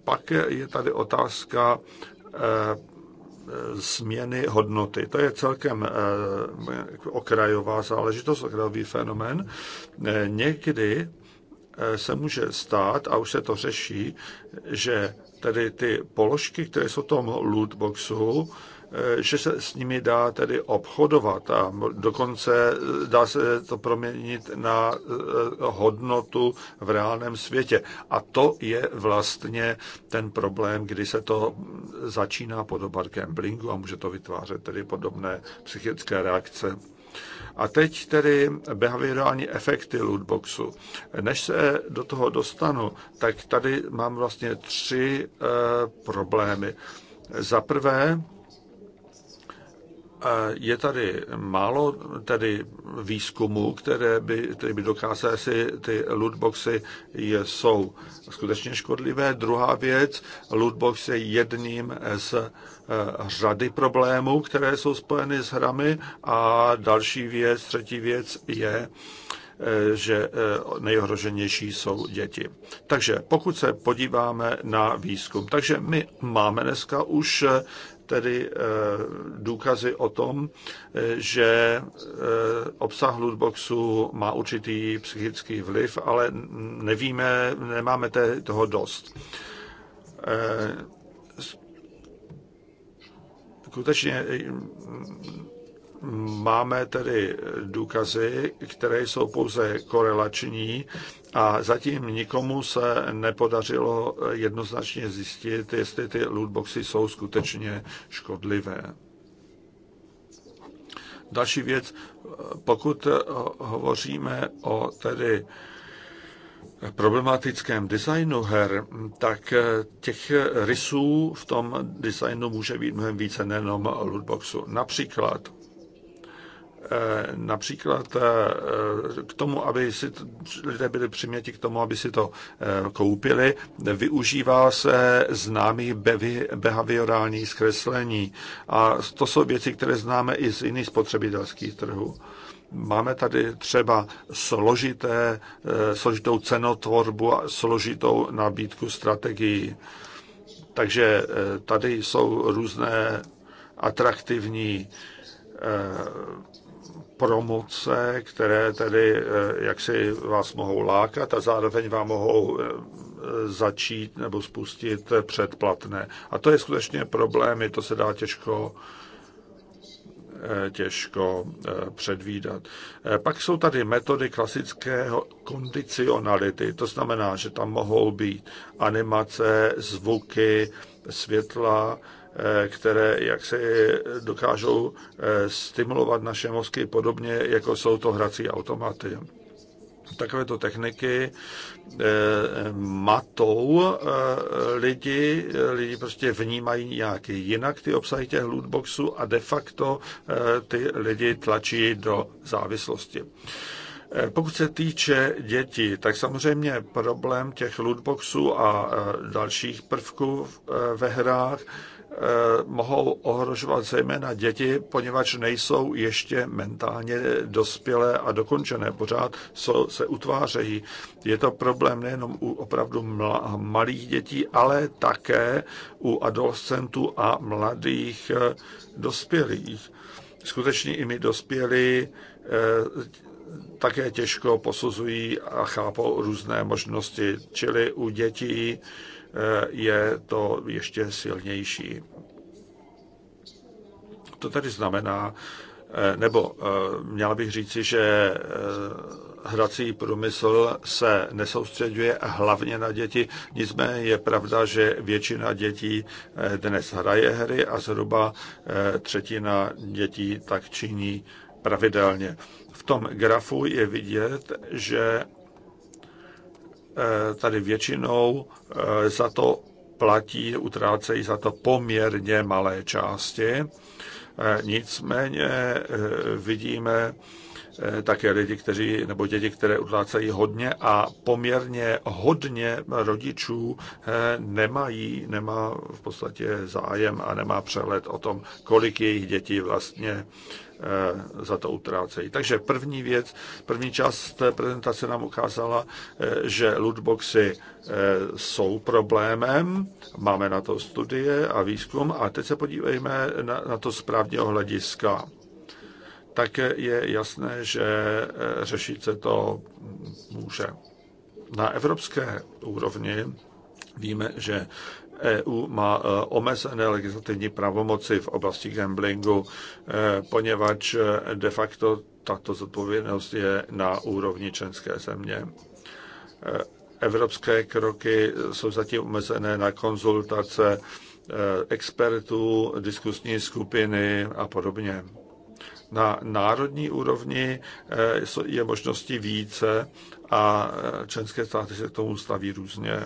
pak je tady otázka změny hodnoty. To je celkem okrajová záležitost, okrajový fenomén. Někdy Eh, se může stát, a už se to řeší, že tedy ty položky, které jsou v tom lootboxu, eh, že se s nimi dá tedy obchodovat a dokonce eh, dá se to proměnit na hodnotu v reálném světě. A to je vlastně ten problém, kdy se to začíná podobat gamblingu a může to vytvářet tedy podobné psychické reakce. A teď tedy behaviorální efekty lootboxu. Než se do toho dostanu, tak tady mám vlastně tři eh, problémy. Za prvé, eh, je tady málo tedy výzkumu, které by, které by dokázaly, jestli ty lootboxy jsou skutečně škodlivé. Druhá věc, lootbox je jedním z Eh, řady problémů, které jsou spojeny s hrami a další věc, třetí věc je, eh, že eh, nejohroženější jsou děti. Takže pokud se podíváme na výzkum, takže my máme dneska už tedy důkazy o tom, že obsah lootboxu má určitý psychický vliv, ale nevíme, nemáme toho dost skutečně eh, máme tedy důkazy, které jsou pouze korelační a zatím nikomu se nepodařilo jednoznačně zjistit, jestli ty lootboxy jsou skutečně škodlivé. Další věc, eh, pokud hovoříme o tedy problematickém designu her, tak eh, těch eh, rysů v tom designu může být mnohem více nejenom lootboxu. Například Eh, například eh, k tomu, aby si lidé byli přiměti k tomu, aby si to eh, koupili, využívá se známý behaviorální zkreslení. A to jsou věci, které známe i z jiných spotřebitelských trhů. Máme tady třeba složité, složitou cenotvorbu a složitou nabídku strategií. Takže tady jsou různé atraktivní promoce, které tedy eh, jak si vás mohou lákat a zároveň vám mohou eh, začít nebo spustit předplatné. A to je skutečně problém, to se dá těžko eh, těžko předvídat. Pak jsou tady metody klasického kondicionality, to znamená, že tam mohou být animace, zvuky, světla, Eh, které jak se eh, dokážou eh, stimulovat naše mozky podobně, jako jsou to hrací automaty. Takovéto techniky matou lidi, lidi prostě vnímají nějaký jinak ty obsahy těch lootboxů a de facto ty lidi tlačí do závislosti. Pokud se týče dětí, tak samozřejmě problém těch lootboxů a dalších prvků ve hrách Eh, mohou ohrožovat zejména děti, poněvadž nejsou ještě mentálně dospělé a dokončené. Pořád se utvářejí. Je to problém nejenom u opravdu malých dětí, ale také u adolescentů a mladých eh, dospělých. Skutečně i my dospělí eh, také těžko posuzují a chápou různé možnosti, čili u dětí Eh, je to ještě silnější. To tady znamená, eh, nebo eh, měla bych říci, že hrací průmysl se nesoustředuje hlavně na děti, nicméně je pravda, že většina dětí dnes hraje hry a zhruba třetina dětí tak činí pravidelně. V tom grafu je vidět, že Eh, tady většinou eh, za to platí, utrácejí za to poměrně malé části. Eh, nicméně vidíme také lidi, kteří, nebo děti, které utrácejí hodně a poměrně hodně rodičů nemají, nemá v podstatě zájem a nemá přehled o tom, kolik jejich dětí vlastně Eh, za to utrácejí. Takže první věc, první část té prezentace nám ukázala, eh, že lootboxy eh, jsou problémem, máme na to studie a výzkum a teď se podívejme na, na to z právního hlediska. Tak je jasné, že řešit se to může. Na evropské úrovni víme, že EU má e, omezené legislativní pravomoci v oblasti gamblingu, e, poněvadž e, de facto tato zodpovědnost je na úrovni členské země. Evropské kroky jsou zatím omezené na konzultace expertů, diskusní skupiny a podobně. Na národní úrovni je možností více a členské státy se k tomu staví různě.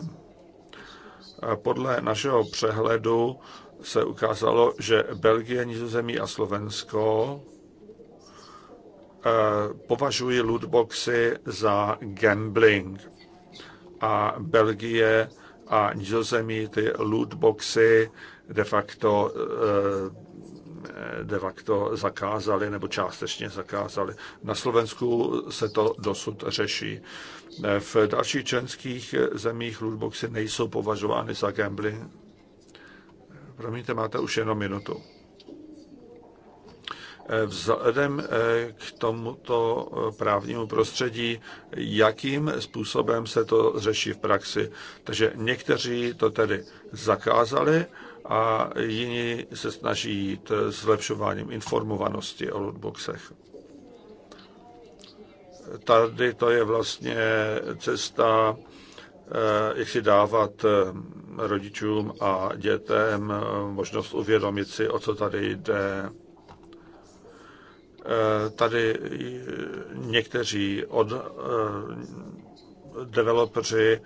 Podle našeho přehledu se ukázalo, že Belgie, Nizozemí a Slovensko eh, považují lootboxy za gambling. A Belgie a Nizozemí ty lootboxy de facto eh, de facto zakázali nebo částečně zakázali. Na Slovensku se to dosud řeší. V dalších členských zemích lootboxy nejsou považovány za gambly. Promiňte, máte už jenom minutu. Vzhledem eh, k tomuto eh, právnímu prostředí, jakým způsobem se to řeší v praxi. Takže někteří to tedy zakázali a jiní se snaží jít zlepšováním informovanosti o lootboxech tady to je vlastně cesta, eh, jak si dávat eh, rodičům a dětem eh, možnost uvědomit si, o co tady jde. Tady někteří od developeri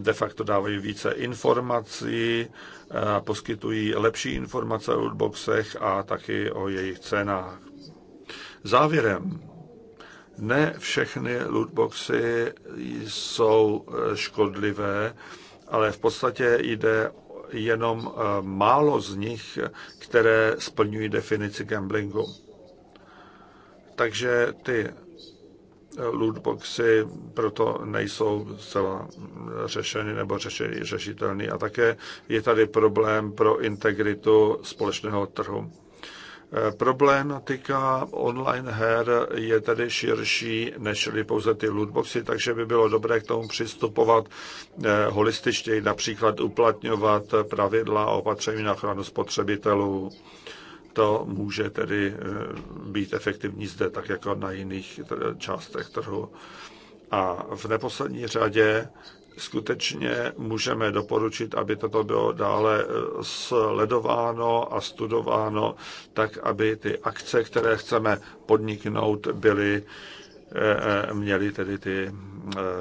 de facto dávají více informací, poskytují lepší informace o lootboxech a taky o jejich cenách. Závěrem ne všechny lootboxy jsou eh, škodlivé, ale v podstatě jde jenom eh, málo z nich, které splňují definici gamblingu. Takže ty eh, lootboxy proto nejsou zcela mm, řešeny nebo řešení, řešitelný. A také je tady problém pro integritu společného trhu. Problématika online her je tedy širší než pouze ty lootboxy, takže by bylo dobré k tomu přistupovat eh, holističtěji, například uplatňovat pravidla a opatření na ochranu spotřebitelů. To může tedy eh, být efektivní zde, tak jako na jiných eh, částech trhu. A v neposlední řadě skutečně můžeme doporučit, aby toto bylo dále eh, sledováno a studováno, tak aby ty akce, které chceme podniknout, byly eh, eh, měly tedy ty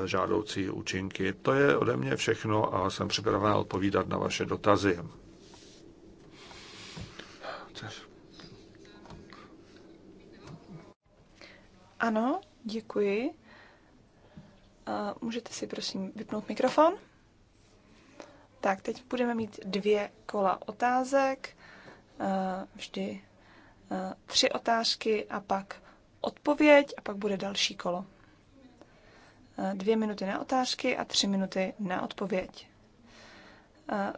žádoucí účinky. To je ode mě všechno a jsem připraven odpovídat na vaše dotazy. Ano, děkuji. Můžete si prosím vypnout mikrofon? Tak, teď budeme mít dvě kola otázek, vždy tři otázky a pak odpověď a pak bude další kolo. Dvě minuty na otázky a tři minuty na odpověď.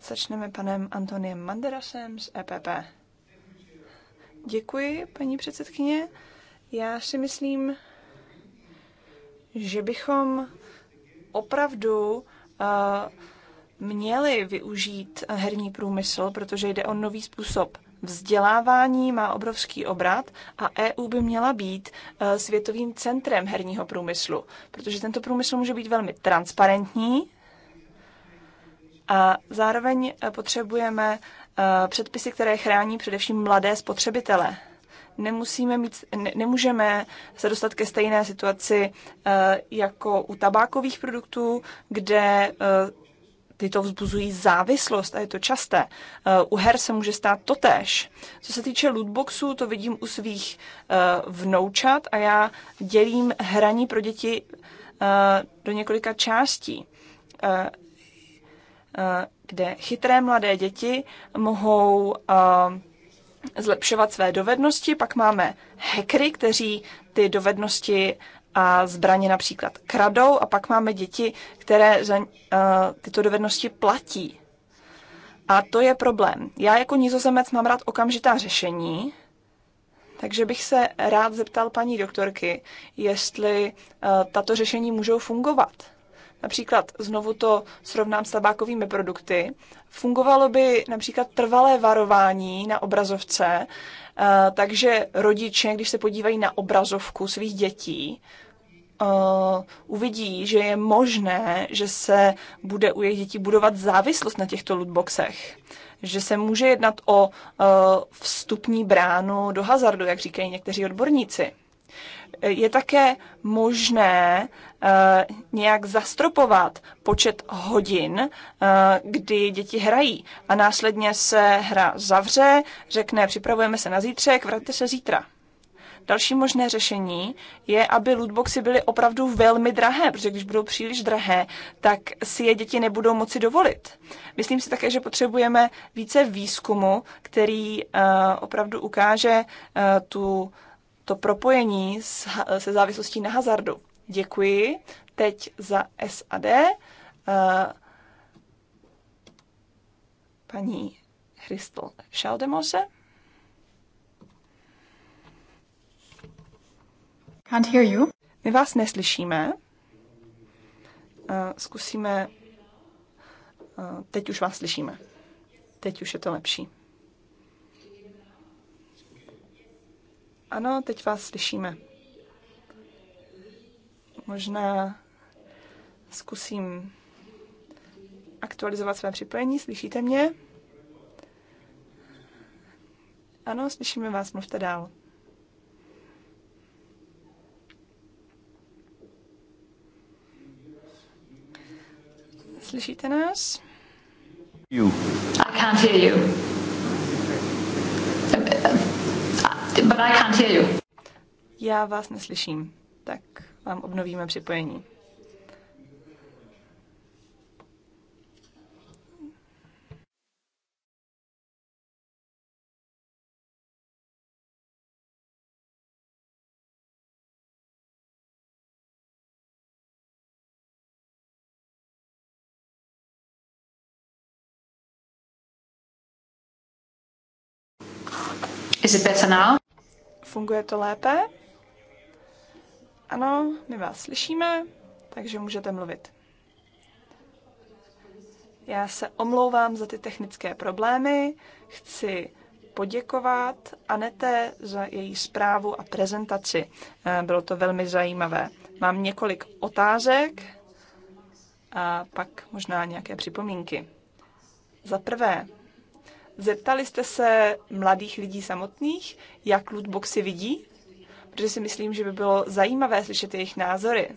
Začneme panem Antoniem Manderasem z EPP. Děkuji, paní předsedkyně. Já si myslím, že bychom opravdu eh, měli využít herní průmysl, protože jde o nový způsob vzdělávání, má obrovský obrat a EU by měla být eh, světovým centrem herního průmyslu, protože tento průmysl může být velmi transparentní a zároveň eh, potřebujeme předpisy, které chrání především mladé spotřebitele nemusíme mít, ne, nemůžeme se dostat ke stejné situaci eh, jako u tabákových produktů, kde eh, tyto vzbuzují závislost a je to časté. Eh, u her se může stát totéž. Co se týče lootboxů, to vidím u svých vnoučat a já dělím hraní pro děti do několika částí, kde chytré mladé děti mohou zlepšovat své dovednosti, pak máme hackery, kteří ty dovednosti a zbraně například kradou a pak máme děti, které za uh, tyto dovednosti platí. A to je problém. Já jako nizozemec mám rád okamžitá řešení, takže bych se rád zeptal paní doktorky, jestli uh, tato řešení můžou fungovat například znovu to srovnám s tabákovými produkty, fungovalo by například trvalé varování na obrazovce, eh, takže rodiče, když se podívají na obrazovku svých dětí, eh, uvidí, že je možné, že se bude u jejich dětí budovat závislost na těchto lootboxech. Že se může jednat o eh, vstupní bránu do hazardu, jak říkají někteří odborníci je také možné eh, nějak zastropovat počet hodin, eh, kdy děti hrají. A následně se hra zavře, řekne, připravujeme se na zítřek, vraťte se zítra. Další možné řešení je, aby lootboxy byly opravdu velmi drahé, protože když budou příliš drahé, tak si je děti nebudou moci dovolit. Myslím si také, že potřebujeme více výzkumu, který uh, opravdu ukáže uh, tu to propojení s, se závislostí na hazardu. Děkuji teď za SAD. Eh, paní Christel Schaldemose. Can't hear you. My vás neslyšíme. Eh, zkusíme. Eh, teď už vás slyšíme. Teď už je to lepší. Ano, teď vás slyšíme. Možná zkusím aktualizovat své připojení. Slyšíte mě? Ano, slyšíme vás, mluvte dál. Slyšíte nás? You. I can't hear you but I can't hear you. Já vás neslyším, tak vám obnovíme připojení. Is it better now? Funguje to lépe? Ano, my vás slyšíme, takže můžete mluvit. Já se omlouvám za ty technické problémy. Chci poděkovat Anete za její zprávu a prezentaci. Eh, bylo to velmi zajímavé. Mám několik otázek a pak možná nějaké připomínky. Za prvé, Zeptali jste se mladých lidí samotných, jak lootboxy vidí? Protože si myslím, že by bylo zajímavé slyšet jejich názory.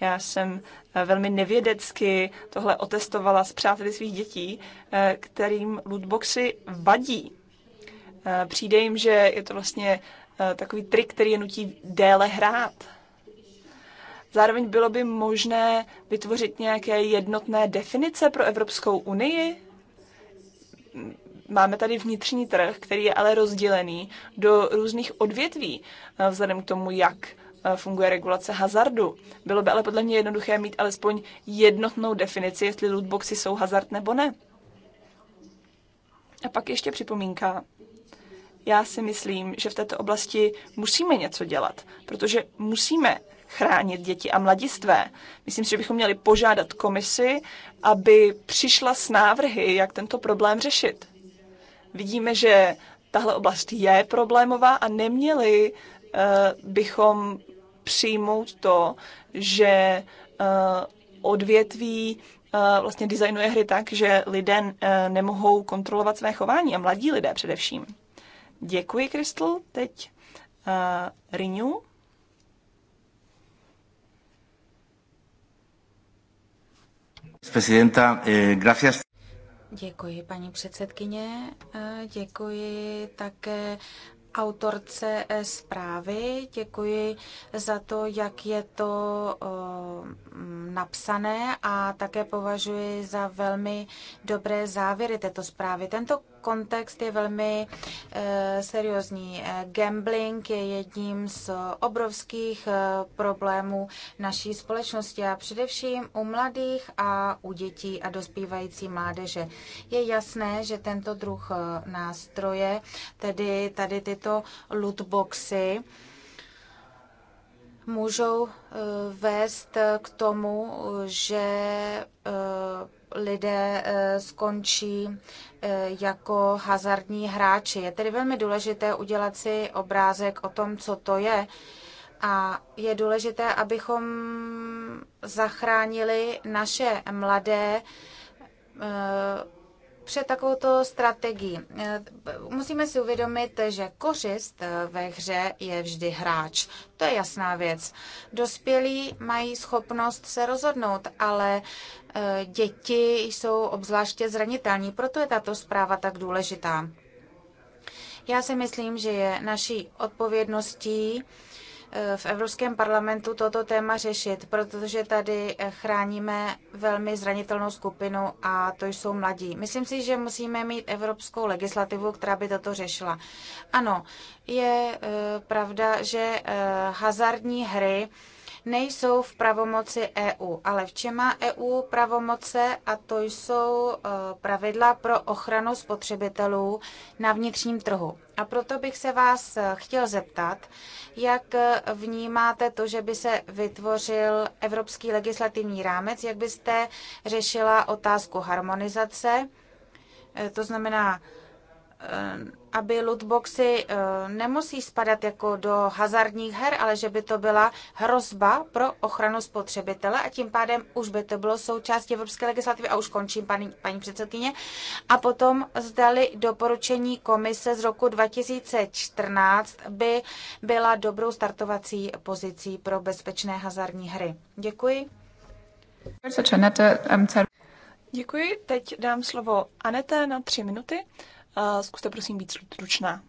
Já jsem eh, velmi nevědecky tohle otestovala s přáteli svých dětí, eh, kterým lootboxy vadí. Eh, přijde jim, že je to vlastně takový trik, který je nutí déle hrát. Zároveň bylo by možné vytvořit nějaké jednotné definice pro Evropskou unii, máme tady vnitřní trh, který je ale rozdělený do různých odvětví, eh, vzhledem k tomu, jak eh, funguje regulace hazardu. Bylo by ale podle mě jednoduché mít alespoň jednotnou definici, jestli lootboxy jsou hazard nebo ne. A pak ještě připomínka. Já si myslím, že v této oblasti musíme něco dělat, protože musíme chránit děti a mladistvé. Myslím si, že bychom měli požádat komisi, aby přišla s návrhy, jak tento problém řešit. Vidíme, že tahle oblast je problémová a neměli eh, bychom přijmout to, že eh, odvětví eh, vlastně designuje hry tak, že lidé nemohou kontrolovat své chování a mladí lidé především. Děkuji, Kristl. Teď uh, Renew. Presidenta, eh, gracias. Děkuji, paní předsedkyně. Eh, děkuji také autorce eh, zprávy. Děkuji za to, jak je to mm, napsané a také považuji za velmi dobré závěry této zprávy. Tento kontext je velmi eh, seriózní. Eh, gambling je jedním z obrovských eh, problémů naší společnosti a především u mladých a u dětí a dospívající mládeže. Je jasné, že tento druh nástroje, tedy tady tyto lootboxy, můžou vést k tomu, že lidé eh, skončí eh, jako hazardní hráči. Je tedy velmi důležité udělat si obrázek o tom, co to je. A je důležité, abychom zachránili naše mladé eh, před takovouto strategií. Eh, musíme si uvědomit, že kořist eh, ve hře je vždy hráč. To je jasná věc. Dospělí mají schopnost se rozhodnout, ale eh, děti jsou obzvláště zranitelní, proto je tato zpráva tak důležitá. Já si myslím, že je naší odpovědností Eh, v Evropském parlamentu toto téma řešit, protože tady eh, chráníme velmi zranitelnou skupinu a to jsou mladí. Myslím si, že musíme mít evropskou legislativu, která by toto řešila. Ano, je eh, pravda, že hazardní hry nejsou v pravomoci EU, ale v čem má EU pravomoce a to jsou eh, pravidla pro ochranu spotřebitelů na vnitřním trhu. A proto bych se vás eh, chtěl zeptat, jak eh, vnímáte to, že by se vytvořil evropský legislativní rámec, jak byste řešila otázku harmonizace, to znamená Eh, aby lootboxy eh, nemusí spadat jako do hazardních her, ale že by to byla hrozba pro ochranu spotřebitele a tím pádem už by to bylo součástí evropské legislativy a už končím, paní, paní předsedkyně. A potom zdali doporučení komise z roku 2014 by byla dobrou startovací pozicí pro bezpečné hazardní hry. Děkuji. Um, Děkuji. Teď dám slovo Anete na tři minuty. Zkuste prosím být stručná.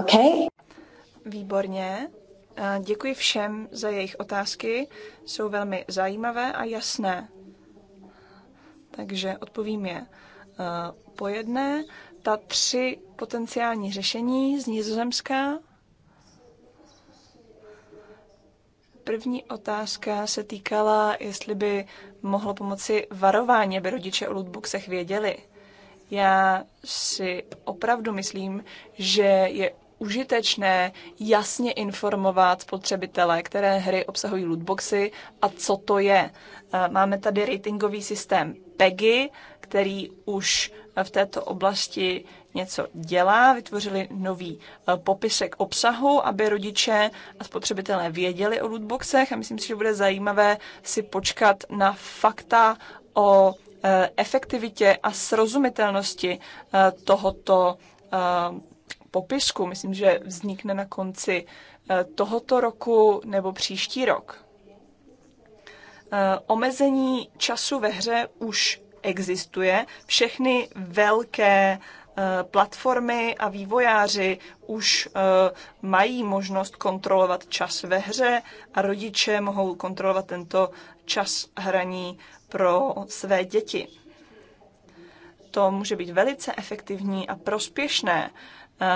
OK. Výborně. Děkuji všem za jejich otázky. Jsou velmi zajímavé a jasné. Takže odpovím je e, po jedné. Ta tři potenciální řešení z Nizozemska První otázka se týkala, jestli by mohlo pomoci varování, aby rodiče o lootboxech věděli. Já si opravdu myslím, že je užitečné jasně informovat spotřebitele, které hry obsahují lootboxy a co to je. Eh, máme tady ratingový systém PEGI, který už v této oblasti něco dělá, vytvořili nový eh, popisek obsahu, aby rodiče a spotřebitelé věděli o lootboxech a myslím si, že bude zajímavé si počkat na fakta o eh, efektivitě a srozumitelnosti eh, tohoto popisku. Myslím, že vznikne na konci tohoto roku nebo příští rok. Omezení času ve hře už existuje. Všechny velké Eh, platformy a vývojáři už eh, mají možnost kontrolovat čas ve hře a rodiče mohou kontrolovat tento čas hraní pro své děti. To může být velice efektivní a prospěšné. Eh,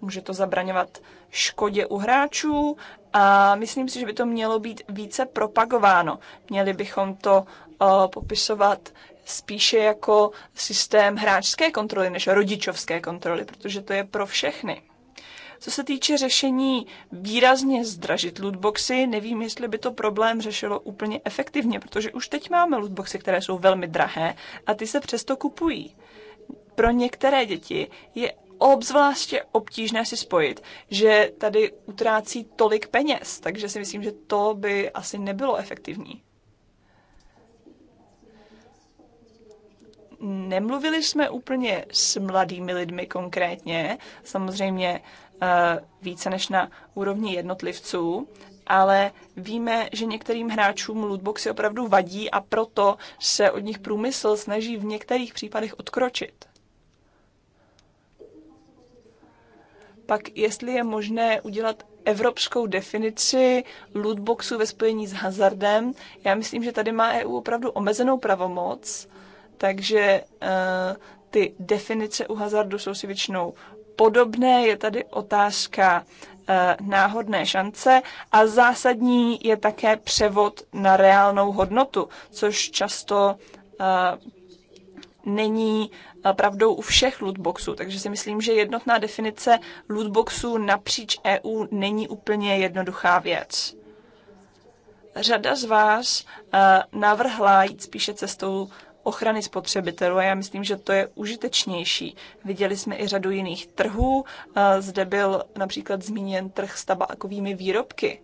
může to zabraňovat škodě u hráčů a myslím si, že by to mělo být více propagováno. Měli bychom to popisovat spíše jako systém hráčské kontroly než rodičovské kontroly, protože to je pro všechny. Co se týče řešení výrazně zdražit lootboxy, nevím, jestli by to problém řešilo úplně efektivně, protože už teď máme lootboxy, které jsou velmi drahé a ty se přesto kupují. Pro některé děti je obzvláště obtížné si spojit, že tady utrácí tolik peněz, takže si myslím, že to by asi nebylo efektivní. nemluvili jsme úplně s mladými lidmi konkrétně, samozřejmě eh, více než na úrovni jednotlivců, ale víme, že některým hráčům lootboxy opravdu vadí a proto se od nich průmysl snaží v některých případech odkročit. Pak jestli je možné udělat evropskou definici lootboxu ve spojení s hazardem, já myslím, že tady má EU opravdu omezenou pravomoc takže eh, ty definice u hazardu jsou si většinou podobné. Je tady otázka eh, náhodné šance a zásadní je také převod na reálnou hodnotu, což často eh, není pravdou u všech lootboxů, takže si myslím, že jednotná definice lootboxů napříč EU není úplně jednoduchá věc. Řada z vás navrhla jít spíše cestou ochrany spotřebitelů a já myslím, že to je užitečnější. Viděli jsme i řadu jiných trhů, eh, zde byl například zmíněn trh s tabákovými výrobky.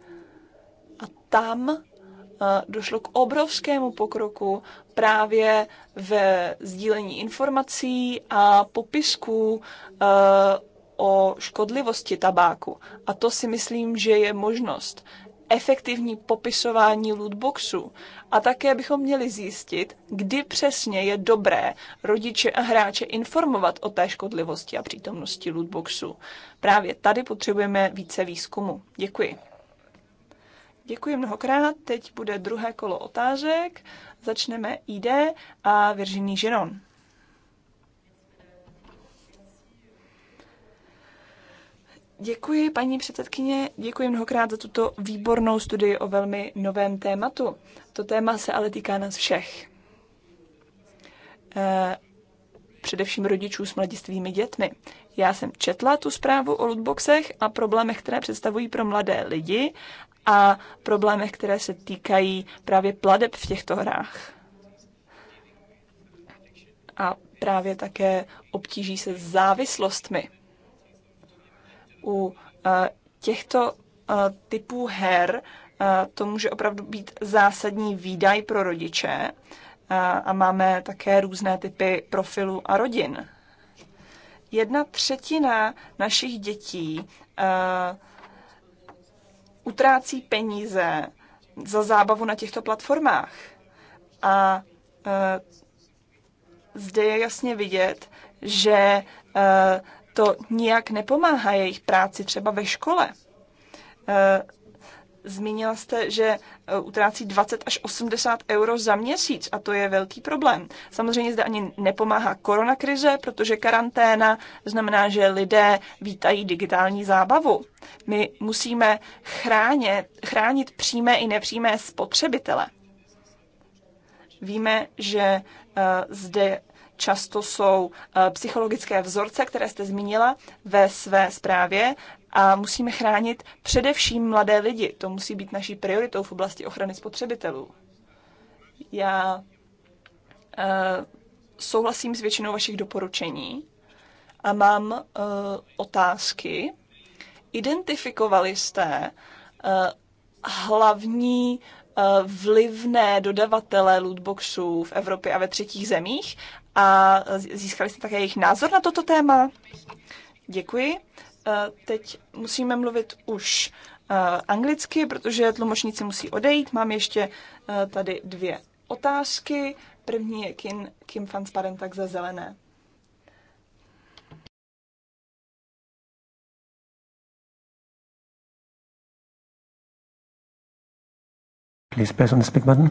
A tam eh, došlo k obrovskému pokroku právě ve sdílení informací a popisků eh, o škodlivosti tabáku. A to si myslím, že je možnost efektivní popisování lootboxů. A také bychom měli zjistit, kdy přesně je dobré rodiče a hráče informovat o té škodlivosti a přítomnosti lootboxů. Právě tady potřebujeme více výzkumu. Děkuji. Děkuji mnohokrát. Teď bude druhé kolo otázek. Začneme ID a Virginie Žiron. Děkuji, paní předsedkyně, děkuji mnohokrát za tuto výbornou studii o velmi novém tématu. To téma se ale týká nás všech. E, především rodičů s mladistvými dětmi. Já jsem četla tu zprávu o lootboxech a problémech, které představují pro mladé lidi a problémech, které se týkají právě pladeb v těchto hrách. A právě také obtíží se závislostmi u eh, těchto eh, typů her eh, to může opravdu být zásadní výdaj pro rodiče a máme také různé typy profilů a rodin. Jedna třetina našich dětí utrácí peníze za zábavu na těchto platformách. A zde je jasně vidět, že to nijak nepomáhá jejich práci třeba ve škole. E, zmínila jste, že e, utrácí 20 až 80 euro za měsíc a to je velký problém. Samozřejmě zde ani nepomáhá koronakrize, protože karanténa znamená, že lidé vítají digitální zábavu. My musíme chránit, chránit přímé i nepřímé spotřebitele. Víme, že e, zde často jsou eh, psychologické vzorce, které jste zmínila ve své zprávě a musíme chránit především mladé lidi. To musí být naší prioritou v oblasti ochrany spotřebitelů. Já eh, souhlasím s většinou vašich doporučení a mám uh, otázky. Identifikovali jste uh, hlavní uh, vlivné dodavatele lootboxů v Evropě a ve třetích zemích a získali jste také jejich názor na toto téma. Děkuji. Eh, teď musíme mluvit už eh, anglicky, protože tlumočníci musí odejít. Mám ještě eh, tady dvě otázky. První je Kim, Kim van tak za zelené. Please press on the speak button.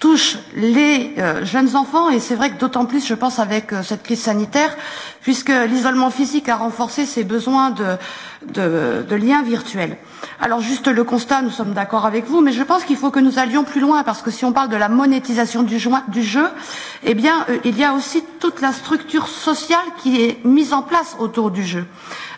touche les euh, jeunes enfants et c'est vrai que d'autant plus je pense avec euh, cette crise sanitaire puisque l'isolement physique a renforcé ces besoins de, de, de liens virtuels. Alors juste le constat, nous sommes d'accord avec vous, mais je pense qu'il faut que nous allions plus loin parce que si on parle de la monétisation du, du jeu, eh bien euh, il y a aussi toute la structure sociale qui est mise en place autour du jeu.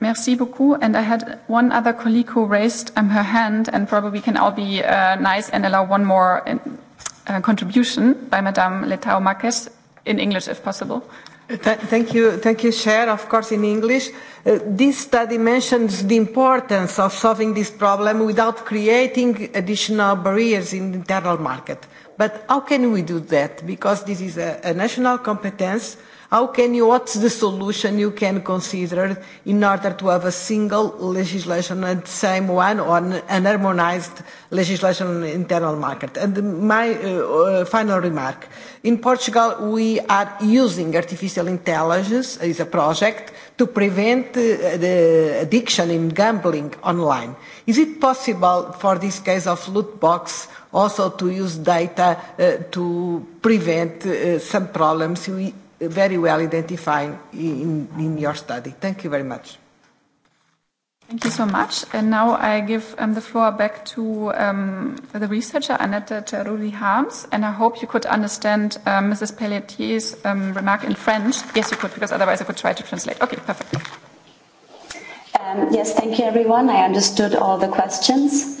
Merci beaucoup. And I had one other colleague who raised um, her hand, and probably we can all be uh, nice and allow one more in, uh, uh, contribution by Madame Letao Marquez in English, if possible. Uh, th thank you, thank you, Cher. Of course, in English, uh, this study mentions the importance of solving this problem without creating additional barriers in the internal market. But how can we do that? Because this is a, a national competence How can you, what's the solution you can consider in order to have a single legislation and same one or an harmonized legislation on the internal market? And my uh, uh, final remark. In Portugal, we are using artificial intelligence as a project to prevent uh, the addiction in gambling online. Is it possible for this case of loot box also to use data uh, to prevent uh, some problems we very well identified in, in your study. Thank you very much. Thank you so much. And now I give um, the floor back to um, the researcher, Annette Charuri Harms. And I hope you could understand um, Mrs. Pelletier's um, remark in French. Yes, you could, because otherwise I could try to translate. Okay, perfect. Um, yes, thank you, everyone. I understood all the questions.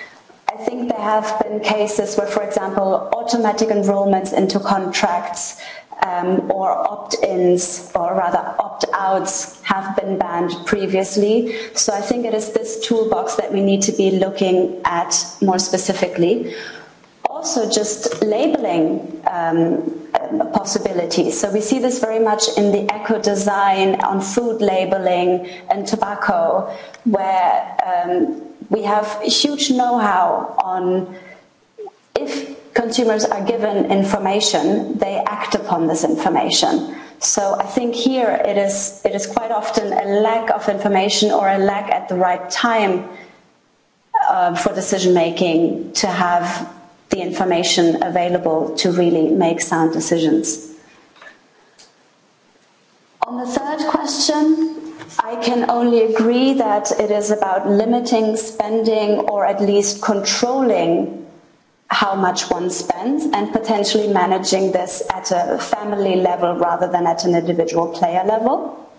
think there have been cases where, for example, automatic enrollments into contracts um, or opt-ins or rather opt-outs have been banned previously. So I think it is this toolbox that we need to be looking at more specifically also just labeling um, um, possibilities. So we see this very much in the eco design on food labeling and tobacco, where um, we have huge know how on if consumers are given information, they act upon this information. So I think here it is, it is quite often a lack of information or a lack at the right time uh, for decision making to have the information available to really make sound decisions. On the third question, I can only agree that it is about limiting spending or at least controlling how much one spends and potentially managing this at a family level rather than at an individual player level.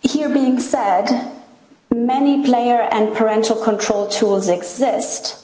Here being said, many player and parental control tools exist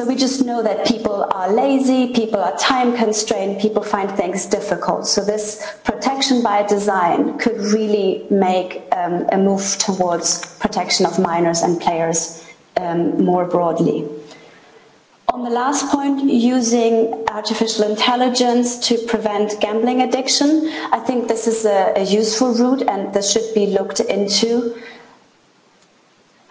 So we just know that people are lazy, people are time constrained, people find things difficult. So this protection by design could really make um, a move towards protection of minors and players um, more broadly. On the last point, using artificial intelligence to prevent gambling addiction, I think this is a, a useful route and this should be looked into